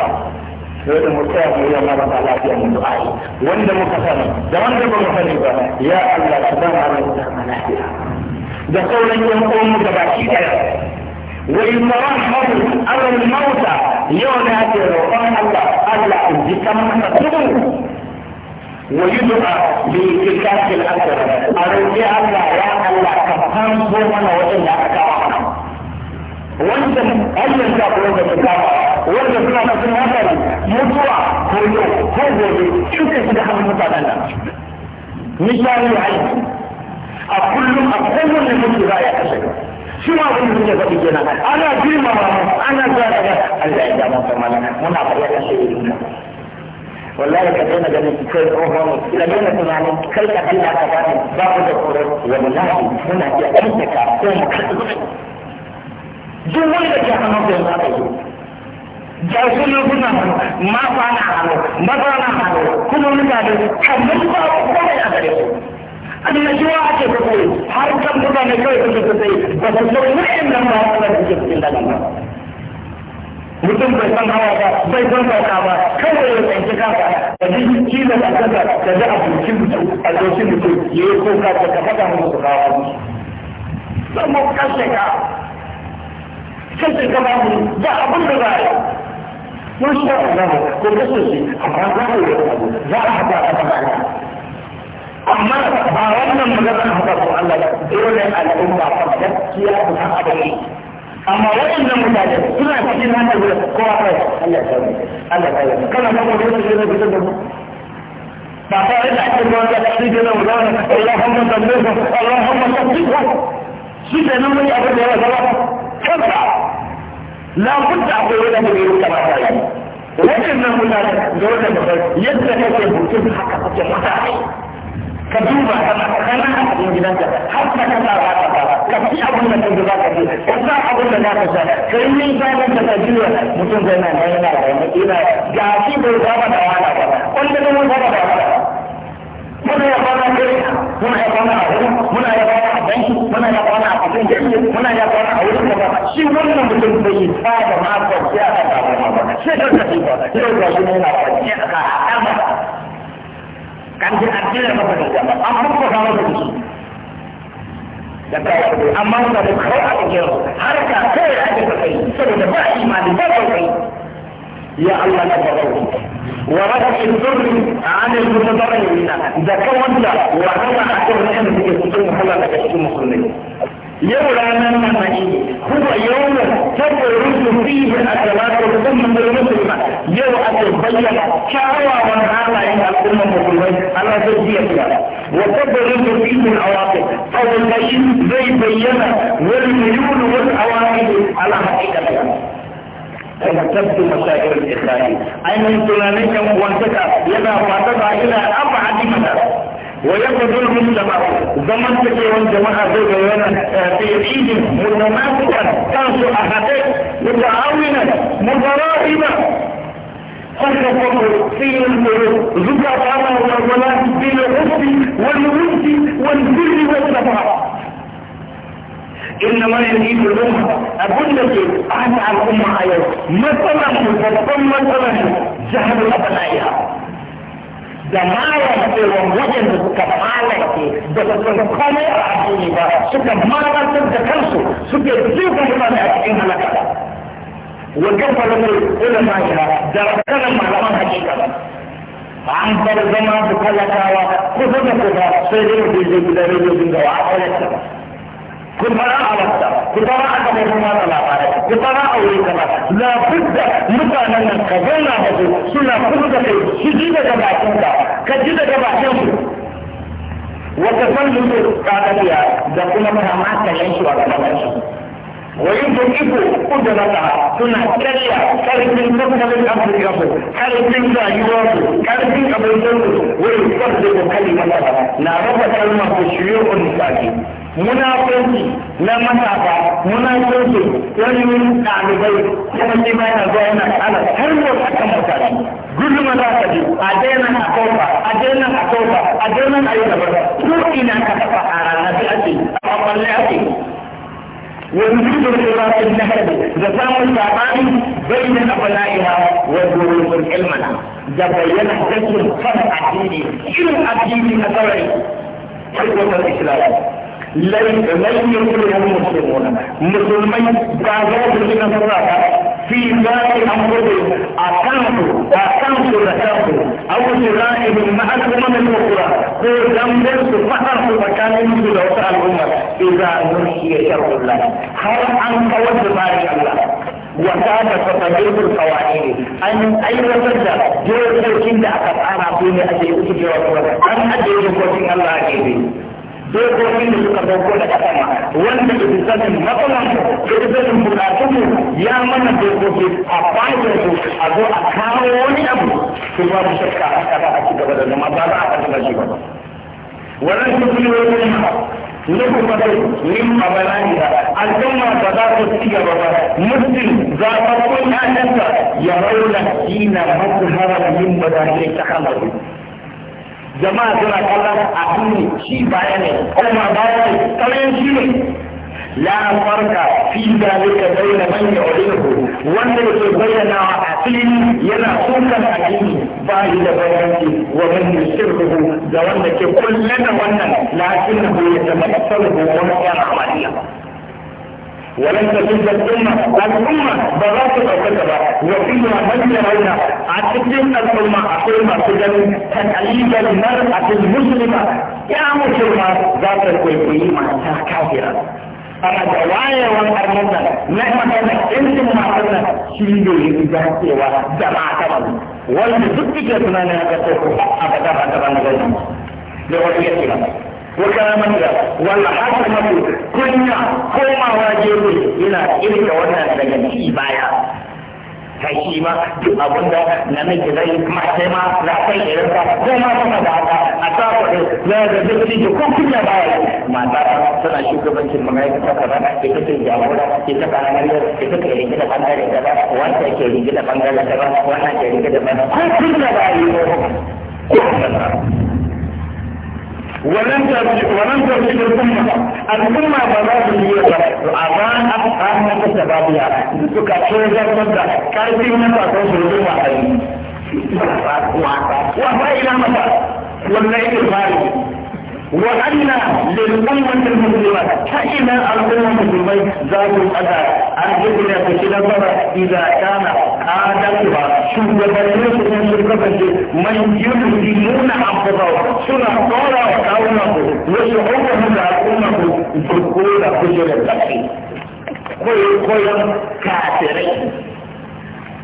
sai da mutum ya koya mara da lafiya mu du'a'i wanda muka sani da wanda ba mu sani ba ya Allah ka ba mu lafiya da sauran yan uwan mu gabaki daya والمرحم أو الموتى يوم هذه الروحان الله الله ذكر مكتبه ويدعى بإتكاف الأسر أرجع الله يا الله كفهم صومنا وإلا أكاد wancan hanyar ta kuma da su kama wanda suna cikin hankali mutuwa ko yau ko gobe suka shiga hannun mutanen nan misali aiki a kullum a kowane mutu za ya kashe shi ma wani mutum ya faɗi kenan ana girmama mu ana zuwa daga Allah ya ja mu kamar muna faɗi kashe irin wallahi ka daina ganin kai tsohon ka daina tunanin kai ka Allah ka bani ba ku da korar wallahi muna iya aikata ko mu kasance duk da ke hannun da za ka yi jarsu lokuna hannu mata na hannu maza na hannu kuma mutane hannun ba komai a gare su annashuwa ake kusa har kan mutane kawai kusa kusa ba su san wa'in nan ba wanda ke cikin dalan ba mutum bai san hawa ba bai san sauka ba kawai ya tsanci kanka da ji kila da kanka da ji abinci mutum a zoci mutum ya yi koka da ka faɗa musu kawo musu. Zan mu kashe ka sai ka ba mu ba abin da ba mun sha Allah ko da su shi amma za mu yi za a haɗa a tsakani amma ba wannan magana haka ko Allah ba dole al'umma ta gaskiya da ta adalci amma waɗannan mutane suna cikin hannun da kowa kai Allah ya sauri Allah ya sauri kana ga mutum da zai fitar da mu ba ta yi da ake ba da shi da nan wani Allahumma sallihu Allahumma sallihu shi ke nan mun yi abin da ya zama كذا لا بد أقوله من يوم لكن لما نقول له يدرك هذا المكان حقا في المكان كذوبا كما كان من جنات حتى كما كان كفي أبو لنا من جنات كذا أبو لنا كذا كريم زال من تجوا مطون زنا نينا نينا إلى جاسي بوجابا دوانا كذا كل من بوجابا دوانا من يبانا كريم من يبانا shi muna ya kwana a kan gari muna ya kwana a wurin gaba shi wannan mutum bai ba da makon ya ka damu ma ba sai da kashi ba sai da shi ne na kwanci a ka hama kan ji addinin masa da jama'a an muka kawo da shi da kawai amma wannan kawai a cikin har ka kai a cikin kai saboda ba imani ba kai يا الله لا تضرهم ورفع الضر عن المتضررين اذا كونت وهو اكثر من في الكتب هلا لك المسلمين يوم لا هو يوم تبرز فيه الاكلات الامم المسلمه يوم اتبين شعوى هذا عند الامم المسلمين على زوجيتها وتبرز فيه العواقب او الشيء زي بينا والميول والعواقب على حقيقتها ترتبط مسائل الإخلاقية أين تنانيك وانتك يدا فاتبع إلى أبعد مدى ويقضي المجتمع زمن تكي والجماعة زوجة وانا آه، في عيد متماسكا تنسو أحدك متعاونا متراحما فكفروا في الملوك زكاة الله والولاد بالعفو والود والبر والسفاح إنما يجيب الأمة أقول لك أنا على الأمة أيضا مثلا مثلا مثلا جهل أبنائها da malam waɗanda suka malake da suka komai a addini ba suka malantar da kansu suke zuwa mutane a cikin halaka wajen falamar ulama ya da kanan malaman hakika an bar zama da talakawa kusa da kusa sai dai mutum zai gudanar da gawa a ƙauyen ba ku fara alaƙa ku fara aka labarai ku fara aure kama lafiya da mutanen nan ka zauna suna kuma da kai su ji daga bakin ka ka ji daga bakin su wata san lulu ka tafiya da kuma kama ka yanki wa gaban wayin da iko kudarata suna karya karfin tattalin afirka su karfin rayuwa su karfin abincin su wani kwarda da kalimata na raba kalmar su shiyo unisaki munafunci na matasa munafunci wani yin ɗalibai kuma shi ma yana zuwa yana kala har yau a kan mutane gudunma za ka ji a daina a kofa a daina a kofa a daina a yi gaba ko ina ka kafa a ranar da ake a kwalle ake ويريد الخلاف النهر زسام الشعباني بين أبنائها ودروس علمنا جبين حكم فرع الديني شنو الدين الثوري حكم الإسلام لن يكون المسلمون مسلمين بعضهم من الصلاة في باقي أنفسهم أقاموا أقاموا زكاته أو شرائهم مع الأمم الأخرى هو ذنب سبحانه وتعالى من دوساء الأمة إذا نسي شر الله هل أن توجه بارك الله وكان تطبيق القوانين أن أي وجد جوز الكند أكثر أنا فيني أجل أجل أن أجل أجل الله أجل dokokin da suka dauko daga sama wanda ke sanin matsalan ke sanin bukatun ya mana dokoki a bayan su a zo a kawo wani abu su ba mu shakka a kasa a cigaba da zama ba za a kasa da shi ba wannan su kuma wani na kuma dai min mabalani da al'umma ba za su ci ba muslim za ta kun ya rauna dina masu haramin ba da ke ta halaru jama'a suna kallon addini shi baya ne kuma baya ne kallon shi ne la farka fi zalika bayna man yu'linuhu wanda yake bayyana wa asili yana sukan addini ba yi da bayanci wa man yusirruhu da wanda ke kullana wannan lakinnahu yatabassaru wa huwa amaliya ولن تجد الأمة الأمة بغاية الأسكبة وفيها من يرينا أتجد الأمة أقيمة سجن تقليد المرأة المسلمة يا مسلمة ذات ما كافرة أما دواية والأرمضة نعمة أنت ما قلنا شيء يجب وجماعة والمسكتة من أنا أبدا أبدا أبدا أبدا أبدا أبدا wuta manga wala haka mafi kunya komawa gefe yana irka wannan daga ciki baya ta shi ma duk abin da namiji zai mace ma za ta yi irin ta ko ma sama da haka a sa kuɗi na da duk da ko kunya baya mata tana shugabancin ma'aikata kaza ita ce jagora ita ka hanyar ita ke rigida bangare kaza wanda ke rigida bangare kaza wannan ke rigida bangare ko kunya baya yi ko ولن ولن تجد الأمة الأمة بلاد اليوم أمان أفهم كسبابيا سكاكوزا كذا كايتين نفاتون سلوما أي وما إلى متى والنعيم الخارجي وأن للأمة المسلمة فإن الأمة المسلمة ذات الأذى أن يكون في إذا كان آدم shugabannin su sun sun kasance mai yurdi nuna amfasawa suna tsora wa kawunan ku wasu hukumar da al'umma ku burko da kujerar da kai koyon kafirai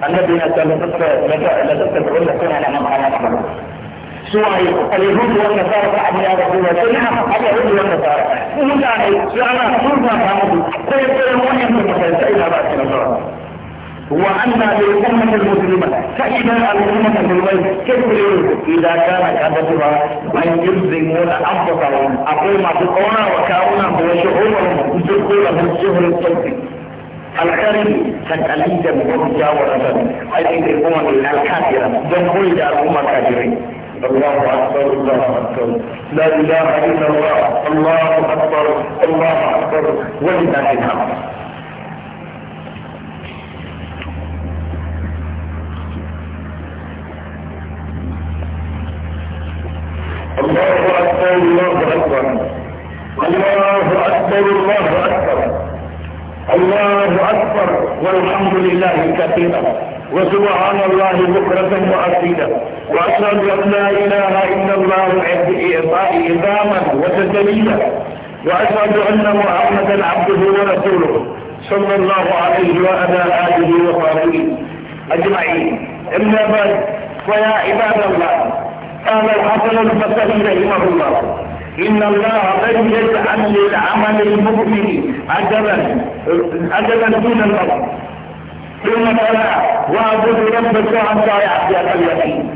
annabi na ta lantarkarwar da suna da nan kwana سواء اليهود والنصارى فعلوا يا رسول الله نعم اليهود والنصارى متعني سؤالنا كلنا فهموا كيف يمكن ان تسال الى بعض النصارى وأن للأمة المسلمة فإذا الأمة في المسلمة كثير إذا كان عددها من يلزمون أنفسهم أقوم بقونا وكاونا وشعورهم دخولهم شهر الصوفي الكريم فتأليد مرجع ورسل أي الأمم الكافرة دخول الأمة الكافرين الله أكبر الله أكبر لا إله إلا الله الله أكبر الله أكبر ولله الحمد الله أكبر الله أكبر الله أكبر الله أكبر الله أكبر والحمد لله كثيرا وسبحان الله بكرة وأصيلا وأشهد أن لا إله إلا الله عظاما وتجليلا وأشهد أن محمدا عبده ورسوله صلى الله عليه وعلى آله وصحبه أجمعين أما بعد فيا عباد الله قال الحسن البصري رحمه الله إن الله لن يجعل للعمل المؤمن أجلا أجلا دون الله ثم قال واعبد ربك حتى يعطيك اليقين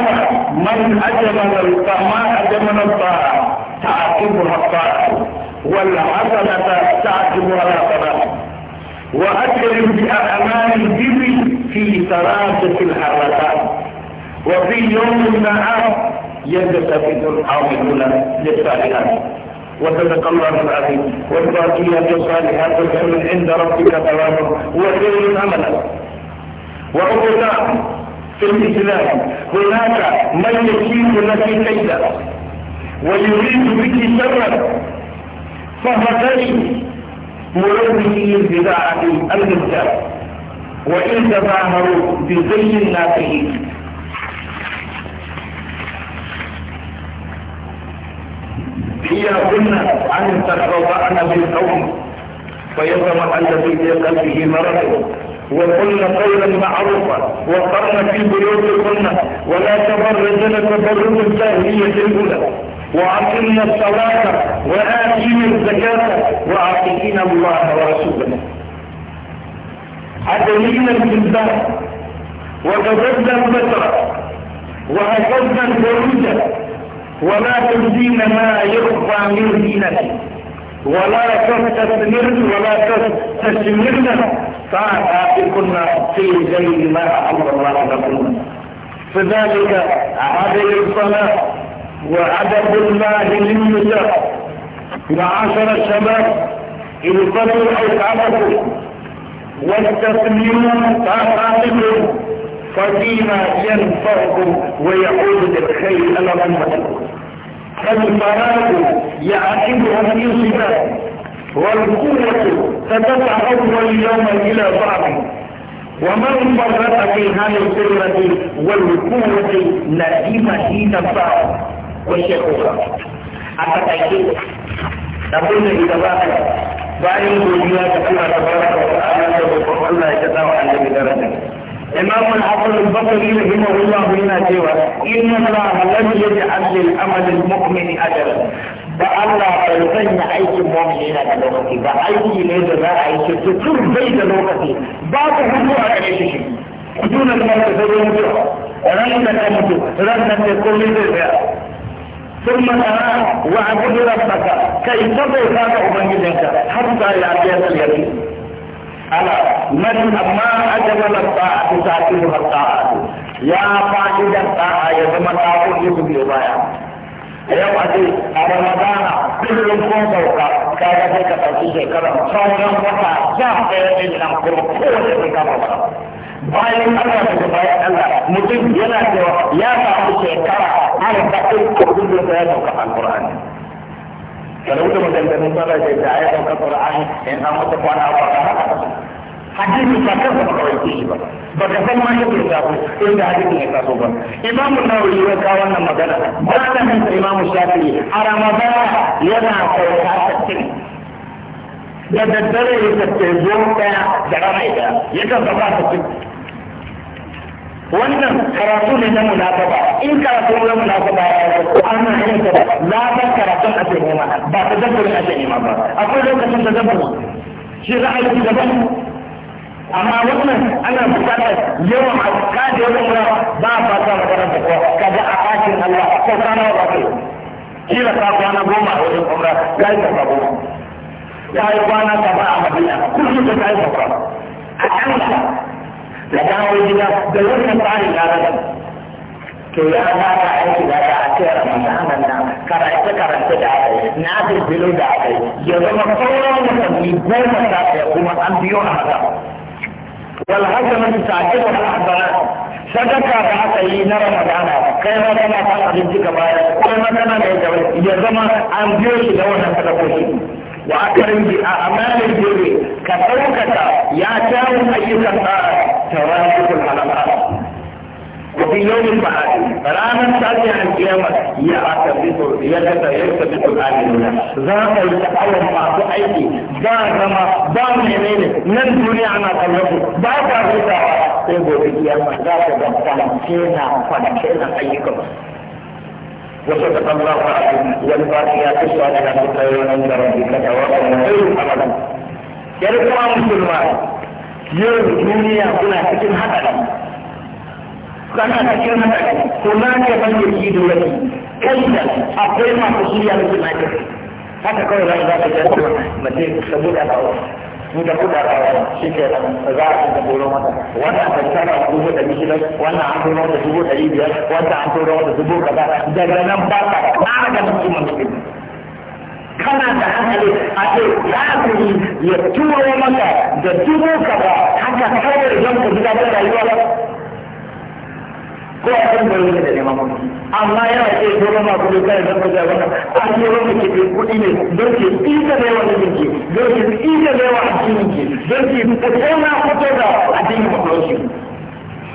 أنا من أجمل ما أجمل الطاعة تعقبها الطاعة والحسنة تعقبها الطاعه وأكرم باعمال الجبل في تراجة الحركات وفي يوم النهار يلتفت الحاضرون للصالحات وصدق الله العظيم والباقيات الصالحات الحمد عند ربك ثوابا وخير املا وعقدا في الاسلام هناك من يكيد لك كيدا ويريد بك شرا فهذين مربيه البداعه الانسان وإن تظاهروا بزي نافئ إياهن عن تترضعن بالقوم فيظهر الذي في قلبه مرض وقلنا قولا معروفا وقرنا في بيوتكن ولا تبرجن تبرج الجاهلية الأولى وأقمنا الصلاة وآتينا الزكاة وعاقبين الله ورسوله عدلينا الجزاء وتبدل البشرة وهكذا البروجة ولا تبدين ما يخفى من زينتك ولا تستثمرن ولا تستثمرن فآتكن في زين ما أمر الله لكم فذلك عدل الصلاة وعدم الله للنساء معاشر الشباب القتل أوسعته واستثمروا طاقاتكم فيما ينفعكم ويعود بالخير على أمتكم فالفراغ يعقبها الانصباء والقوة تدفع أول يوم إلى بعض ومن فرط في هذه القرة والقوة نديمة حين البعض وشيخها أفتأكيد نقول إذا باقي bayan godiya ga Allah tabaraka wa ta'ala da Allah ya kada wa إمام العقل البصري يهمه الله بما سوى إن الله لم يجعل للأمل المؤمن أجرا فالله يغني عيش المؤمنين على لغتي فأي ليس ما عيش تكون بيت لغتي بعض الموضوع على شيء بدون الموت فلم ترى رمنا أمت رمنا تكون لذيذها ثم ترى وعبد ربك كي تضع فاتح من يدك حتى يعطيك اليقين ala man amma ajabala ta'atu ta'atu hatta ya da ta ya zama ta'atu su ne baya yau a ce a ramadana kullum kun sauka ka ga sai ka ɗauki shekarar sauran wata za ka yi ɗin nan kuma kowace ka kama ba bayan Allah da bayan Allah mutum yana cewa ya samu shekara arba'in ko kullum da ya sauka alƙur'ani kalau da maganganun dari da ta ayyuka ka Qur'ani in an mata kwana ba kan? Haji hadisi kan ba kawai ke shi ba ba ka san ma ya ke sabo inda hadisin ya taso ba imamu nawawi ya kawo wannan magana malamin sa ya shafi'i a ramadan yana kauta tattin da daddare ya tattazo daya da rana ya kan sama ta wannan karatu ne na munafaba in karatu na munafaba ya yi na yin na ba karatun a ce ma ba ta dabbarin a ce ma ba akwai lokacin da dabbarin shi za a yi daban amma wannan ana bukatar yawan ka da yawan mura ba ba ta makaranta ko ga a fashin Allah ko kana ba ke kila ka kwana goma a wajen umra ya yi kafa goma yi kwana ta ba a madina kullu ka yi ka a kan da dawo gida da wannan tsarin larabci to ya fara aiki da a ce ramadanan nan karanta karanta da aka yi na bilbilo da aka yi ya zama sauran watanni goma sha ɗaya kuma an biyo a haka ta والحسنة تعجب الحسنات sadaka da aka yi na ramadana kai ma kana kan abinci ka bayar kai ma kana mai gaba ya zama an biyo shi da wannan sadakoki wa akarin bi a amalin jere ka ɗaukaka ya kyawun ayyukan tsara توافق على الأرض وفي يوم المعاد رانا تاتي عن القيامة يا يعتبط يدك يرتبط الآمنون ذاك يتقوم مع سعيدي ذاك ما دام يمينه من دنيا عنا قلبه ذاك الرسالة سيبو القيامة ذاك بمسلم سينا فنكينا أيكم وصدق الله العظيم والباقيات الصالحات خير عند ربك ثوابا وخير املا يا رب مسلمان yau duniya kuna cikin haɗari kana cikin haɗari kuna ne ban da shi dole kai da akwai masu shirya da kuma da haka kawai za ka ga ta mace ta buɗa ba ni da buɗa ba shi ke za a ta bolo mata wannan an tara dubu a shida wannan an turo da dubu ɗari biyar wannan an turo da dubu kaza daga nan ba ka ƙara ganin kiman kuɗi kana da hankali a ce za kafiri ya turo maka da dubu kaza haka kawai don ku gida da rayuwa ba ko a kan bayyana da neman kuɗi amma yana ce ko ba ma kuɗi kai don ku ba wannan an yi wani ke bai kuɗi ne don ke tsita da yawan jin ke don ke tsita da yawan addinin ke don ke fito na fito da addinin ku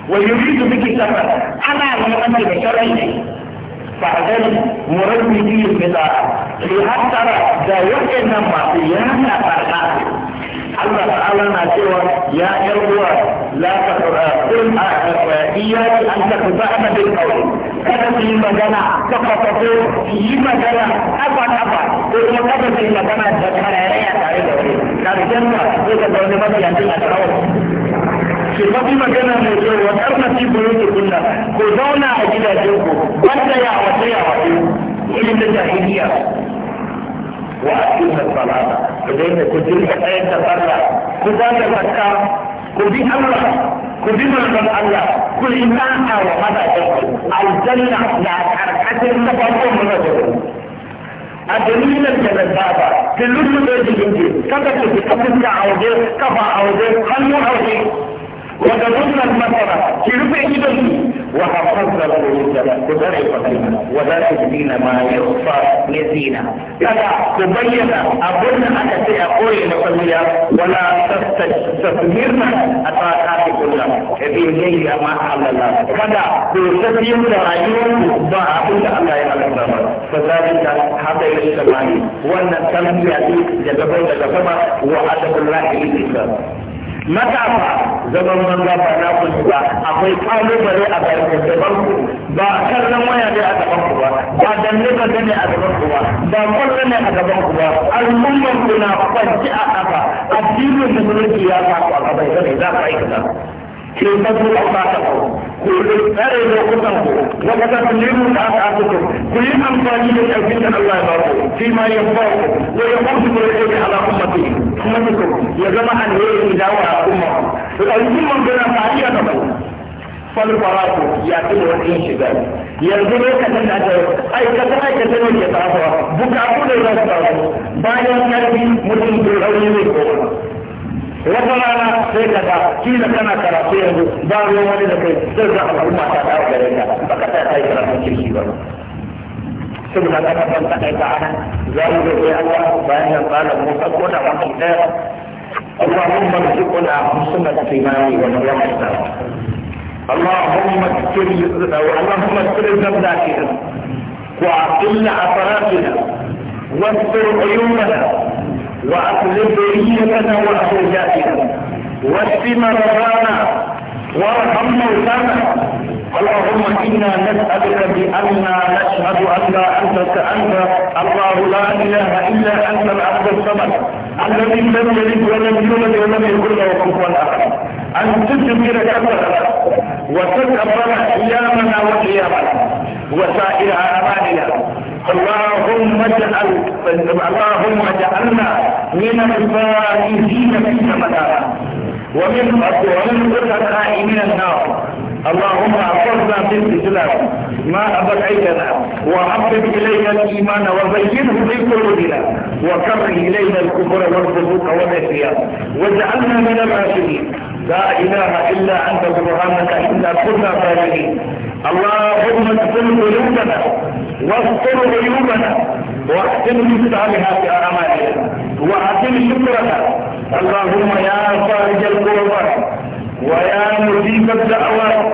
wai yuri da muke sama ana neman da sharai ne بعدين مربي البدعة لأكثر داود إنما يانا فرحان الله تعالى ما سوى يا إخوة لا تقل إياك أن تتبعن بالقول كان في مجانا فقط في مجانا أبعد أبعد كما كان في مجانا ذكر عليها عليك كان جنة إذا دون مجانا تتبعن ce mafi magana mai kyau wa karna fi buyuti kunna ko zauna a gidajen ku wanda ya wata ya wata irin da jahiliya wa aqimu salata ku daina ku dinga tsayar da sallah ku ba da zakka ku bi Allah ku bi manzon Allah ku imana wa madadan aljanna na karkashin da farko mun a dalilin da zan saba da lullu da jikin ke kada ku ji kafin ka auje kafa auje hannu auje وتدرنا المطر في شرب إذن وحفظنا الخروج وذلك فقيمنا وذلك دين ما يخفى نسينا كذا تبين أبن أنك أقول نقليا ولا تستثمرنا أتاكاتي كلها إذن يجي ما حل الله كذا تستثمر العيون رأيون بعض الله يعلم فذلك هذا يشتغل وأن التنبيه جلبه لكما وعدم الله إليك matasa zaman banza ba na kunta akwai kalubale a gaban ku ba kallon waya ne a gaban ku ba ba danne ba ne a gaban ku ba ba kwallo ne a gaban ku ba al'umman ku na kwanci a kafa addinin musulunci ya faɗo a gaban ku ne za ka yi ke bazu a fata ku tsare lokutan ku wata ta limu da aka aka ku yi amfani da ƙarfin da Allah ya ba ku fi ma ya ba ku wa ya ba ku da yake ala ummati kuma ku ya zama alheri da wa umma ku al'umman gana fariya da ku fal faratu ya fi wani shiga yanzu lokacin da ta aikata aikata ne ke tasowa bukatu da za su taso bayan ƙarfi mutum ke rauni ne ko wata sai ka ga kila kana karatu yanzu ba ruwan wani da kai sai ga al'umma ta kawo gare ka baka ta kai karatun kirki ba saboda ka kan ta kai ka ana za mu ga sai Allah bayan ya fara musa ko da ba ki daya اللهم ارزقنا حسن الإيمان والوحدة اللهم اكتر اللهم اكتر ذنباتنا وعقل عثراتنا واستر عيوننا وأقلب بريتنا وأخرجاتنا واشف مرضانا وارحم موتانا اللهم انا نسالك باننا نشهد ان لا انت انت الله لا اله الا انت العبد الصمد الذي لم يلد ولم يولد ولم يكن له كفوا احد ان تدبر كفرنا وتكبر ايامنا وقيامنا وسائر اعمالنا اللهم اجعل اللهم اجعلنا من الفائزين في زمننا ومن ومن قطع من النار اللهم احفظنا في الاسلام ما ابقيتنا وحبب الينا الايمان وزينه في قلوبنا وكره الينا الكفر والفسوق والعصيان واجعلنا من الراشدين لا اله الا انت سبحانك انا كنا ظالمين اللهم اغفر قلوبنا واذكروا عيوبنا واحسن استعمالها في اعمالنا واعطل شكرنا اللهم يا خارج القربات ويا مجيب الدعوات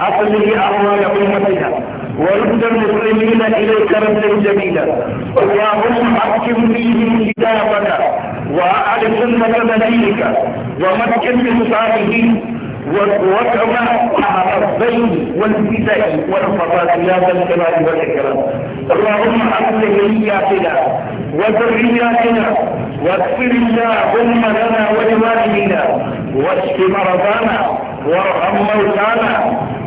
اصلح اعمال امتنا ورد المسلمين اليك ردا جميلا اللهم احكم فيهم كتابك واعرف سنه نبيك ومكن بمصالحين وكما الحبين والفداء والفضاء يا ذا والاكرام اللهم اصلح نياتنا وذرياتنا واغفر اللهم لنا ولوالدينا واشف مرضانا وارحم موتانا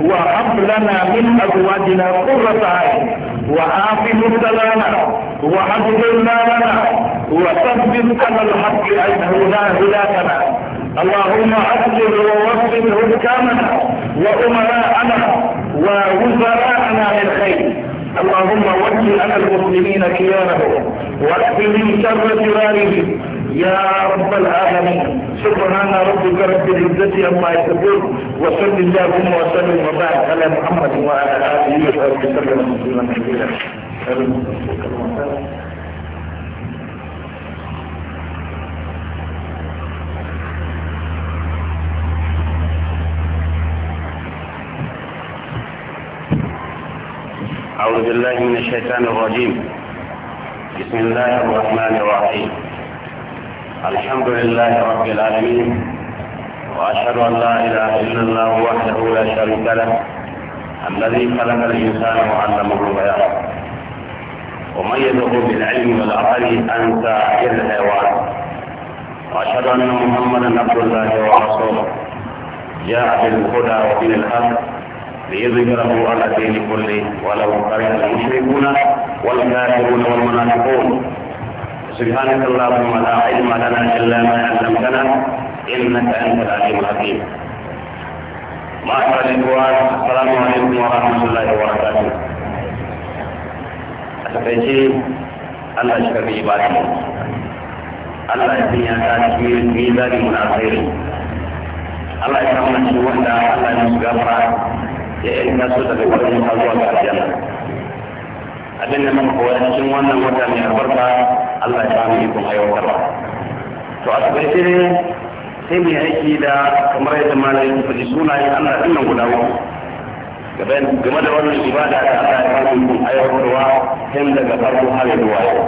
وهب لنا من ازواجنا قرة عين وعاف مبتلانا وحفظ لنا وثبت على الحق انه لا هلاكنا اللهم أسلم ووصل حكامنا وأمراءنا ووزراءنا للخير اللهم وجه على المسلمين كيانهم واكفهم شر شرارهم يا رب العالمين سبحان ربك رب العزة عما يصفون وصل اللهم وسلم وبارك على محمد وعلى آله وصحبه وسلم أعوذ بالله من الشيطان الرجيم بسم الله الرحمن الرحيم الحمد لله رب العالمين وأشهد أن لا إله إلا الله وحده لا شريك له الذي خلق الإنسان وعلمه البيان وميزه بالعلم والعقل أنت سائر الحيوان وأشهد أن محمدا عبد الله ورسوله جاء بالهدى ودين الحق ليظهره على الدين كله ولو كره المشركون والكافرون والمنافقون سبحانك اللهم لا علم لنا الا ما علمتنا انك انت العليم الحكيم معاشر الاخوان السلام عليكم ورحمه الله وبركاته أتفجي الله يشكر عباده الله يبني أكاد ميزاني من الخير الله يكرمنا شيء وحده الله يسقى ya yi na so daga kwarin ta zuwa ga aljanna abin da muka kowa cikin wannan wata mai albarka Allah ya samu ikon aiwatarwa to a tsakai sai mai aiki da kamar yadda malamin faɗi sunaye Allah din nan guda uku game da wannan ibada da Allah ya samu ikon aiwatarwa tun daga farko har zuwa yau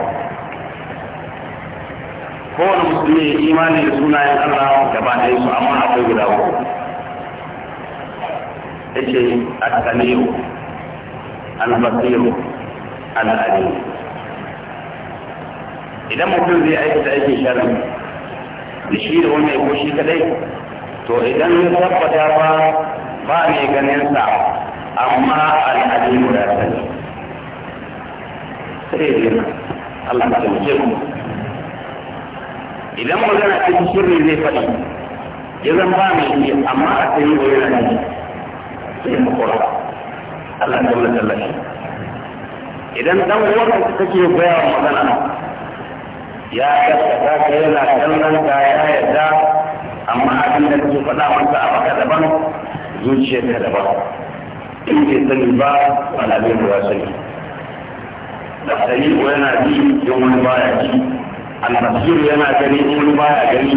kowane musulmi imani da sunayen Allah gaba ɗaya su amma akwai guda uku ce at-sami'u al idan mutum zai da aikin sharri da shi da wani ya shi kadai to idan ya tabbata ba ba ne ganin sa amma al'adu alimu da sani sai ya Allah ka tsaye mu idan magana cikin shirri zai faɗi ya zan ba mai iya amma a tsaye wa yana ne sai makwabta Allah jalla jalla shi idan dan uwarka kake gaya magana ya gaskata ka yana kallon ka ya yarda amma abin da kake faɗa masa a baka daban zuciyarka daban in bai sani ba ana sani da sani yana ji in wani baya ji al yana gani in wani baya gani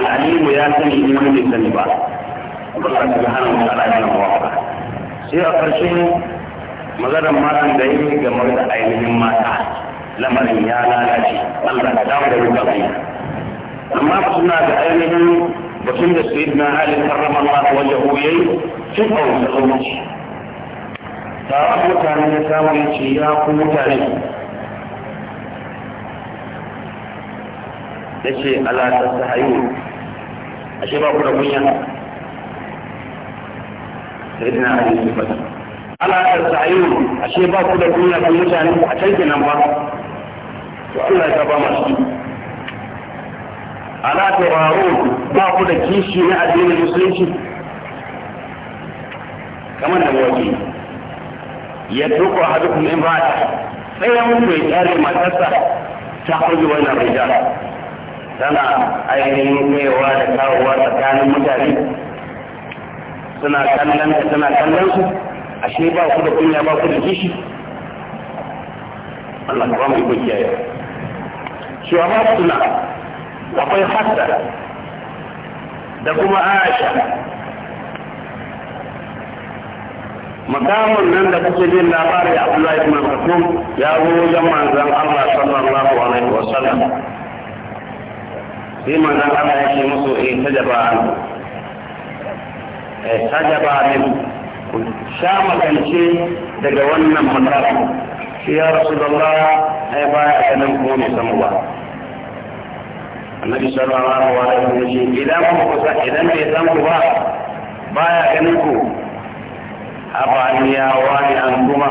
al-alimu ya sani in wani bai sani ba Allah subhanahu wa ta'ala yana mawaka sai a ƙarshen maganar matan da yi game da ainihin mata lamarin ya lalace Allah ka dawo da ruka mai amma suna da ainihin batun da su na halin karrama Allah wajen huyayi sun ɗauki tsohonci taron mutane na samun ce ya ku mutane ya ce ala ta sahayu ashe ba ku da kunya sayyidina ali ya fada ala ya sa'ayu ashe ba ku da duniya kan mutanen ku a cikin nan ba to Allah ya ba masu ala tawaru ba ku da kishi na addinin musulunci kamar da waje ya ba sai mun tsayan mai tsare matarsa ta hujji wannan rijal tana ainihin kaiwa da kawowa tsakanin mutane suna kallon ka tana kallon su shi ba ku da kunya ba ku da kishi Allah ka ba mu iko kiyaye shugaba suna akwai hasa da kuma aisha makamun nan da kuke jin labarin Abdullahi ibn Mas'ud ya zo wajen manzon Allah sallallahu alaihi wasallam sai manzon Allah ya ce musu in eh, tajaba Eh, hajaba min ku sha makance daga wannan makafi shi ya rasu da Allah ai baya a kanan kuma mai samu ba annabi sallallahu alaihi wa sallam idan ku kusa idan bai san ku ba baya ganin ku a baniyawa ne an kuma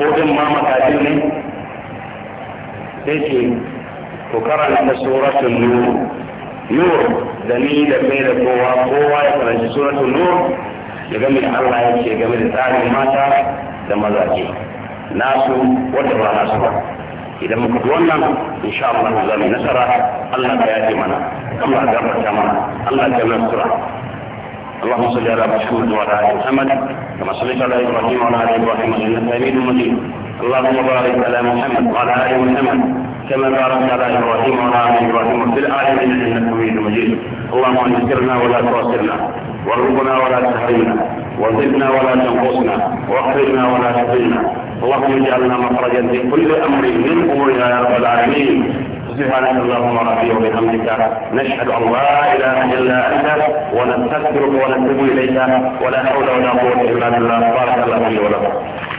ko din ma makafi ne sai ce ku karanta suratul nur nur دليل بين قوة قوة فنجي سورة النور يجمع الله يجي يجمع الثاني ماتا لما ذاكي ناس ودبا ناس إذا ما كنت إن شاء الله نزل نسرة الله يأتي منا الله يبقى منا الله يجمع السرعة اللهم صل على محمد وعلى آل محمد كما صليت على إبراهيم وعلى آل إبراهيم إنك حميد مجيد اللهم بارك على محمد وعلى آل محمد كما باركت على ابراهيم وعلى ال ابراهيم في العالمين انك حميد مجيد اللهم انصرنا ولا تعسرنا وارزقنا ولا تحرمنا وزدنا ولا تنقصنا واخرجنا ولا تخزنا اللهم اجعلنا مخرجا في كل امر من امورنا يا رب العالمين سبحانك اللهم ربي وبحمدك نشهد ان لا اله الا انت ونستغفرك ونتوب اليك ولا حول ولا قوه الا بالله بارك الله لي ولكم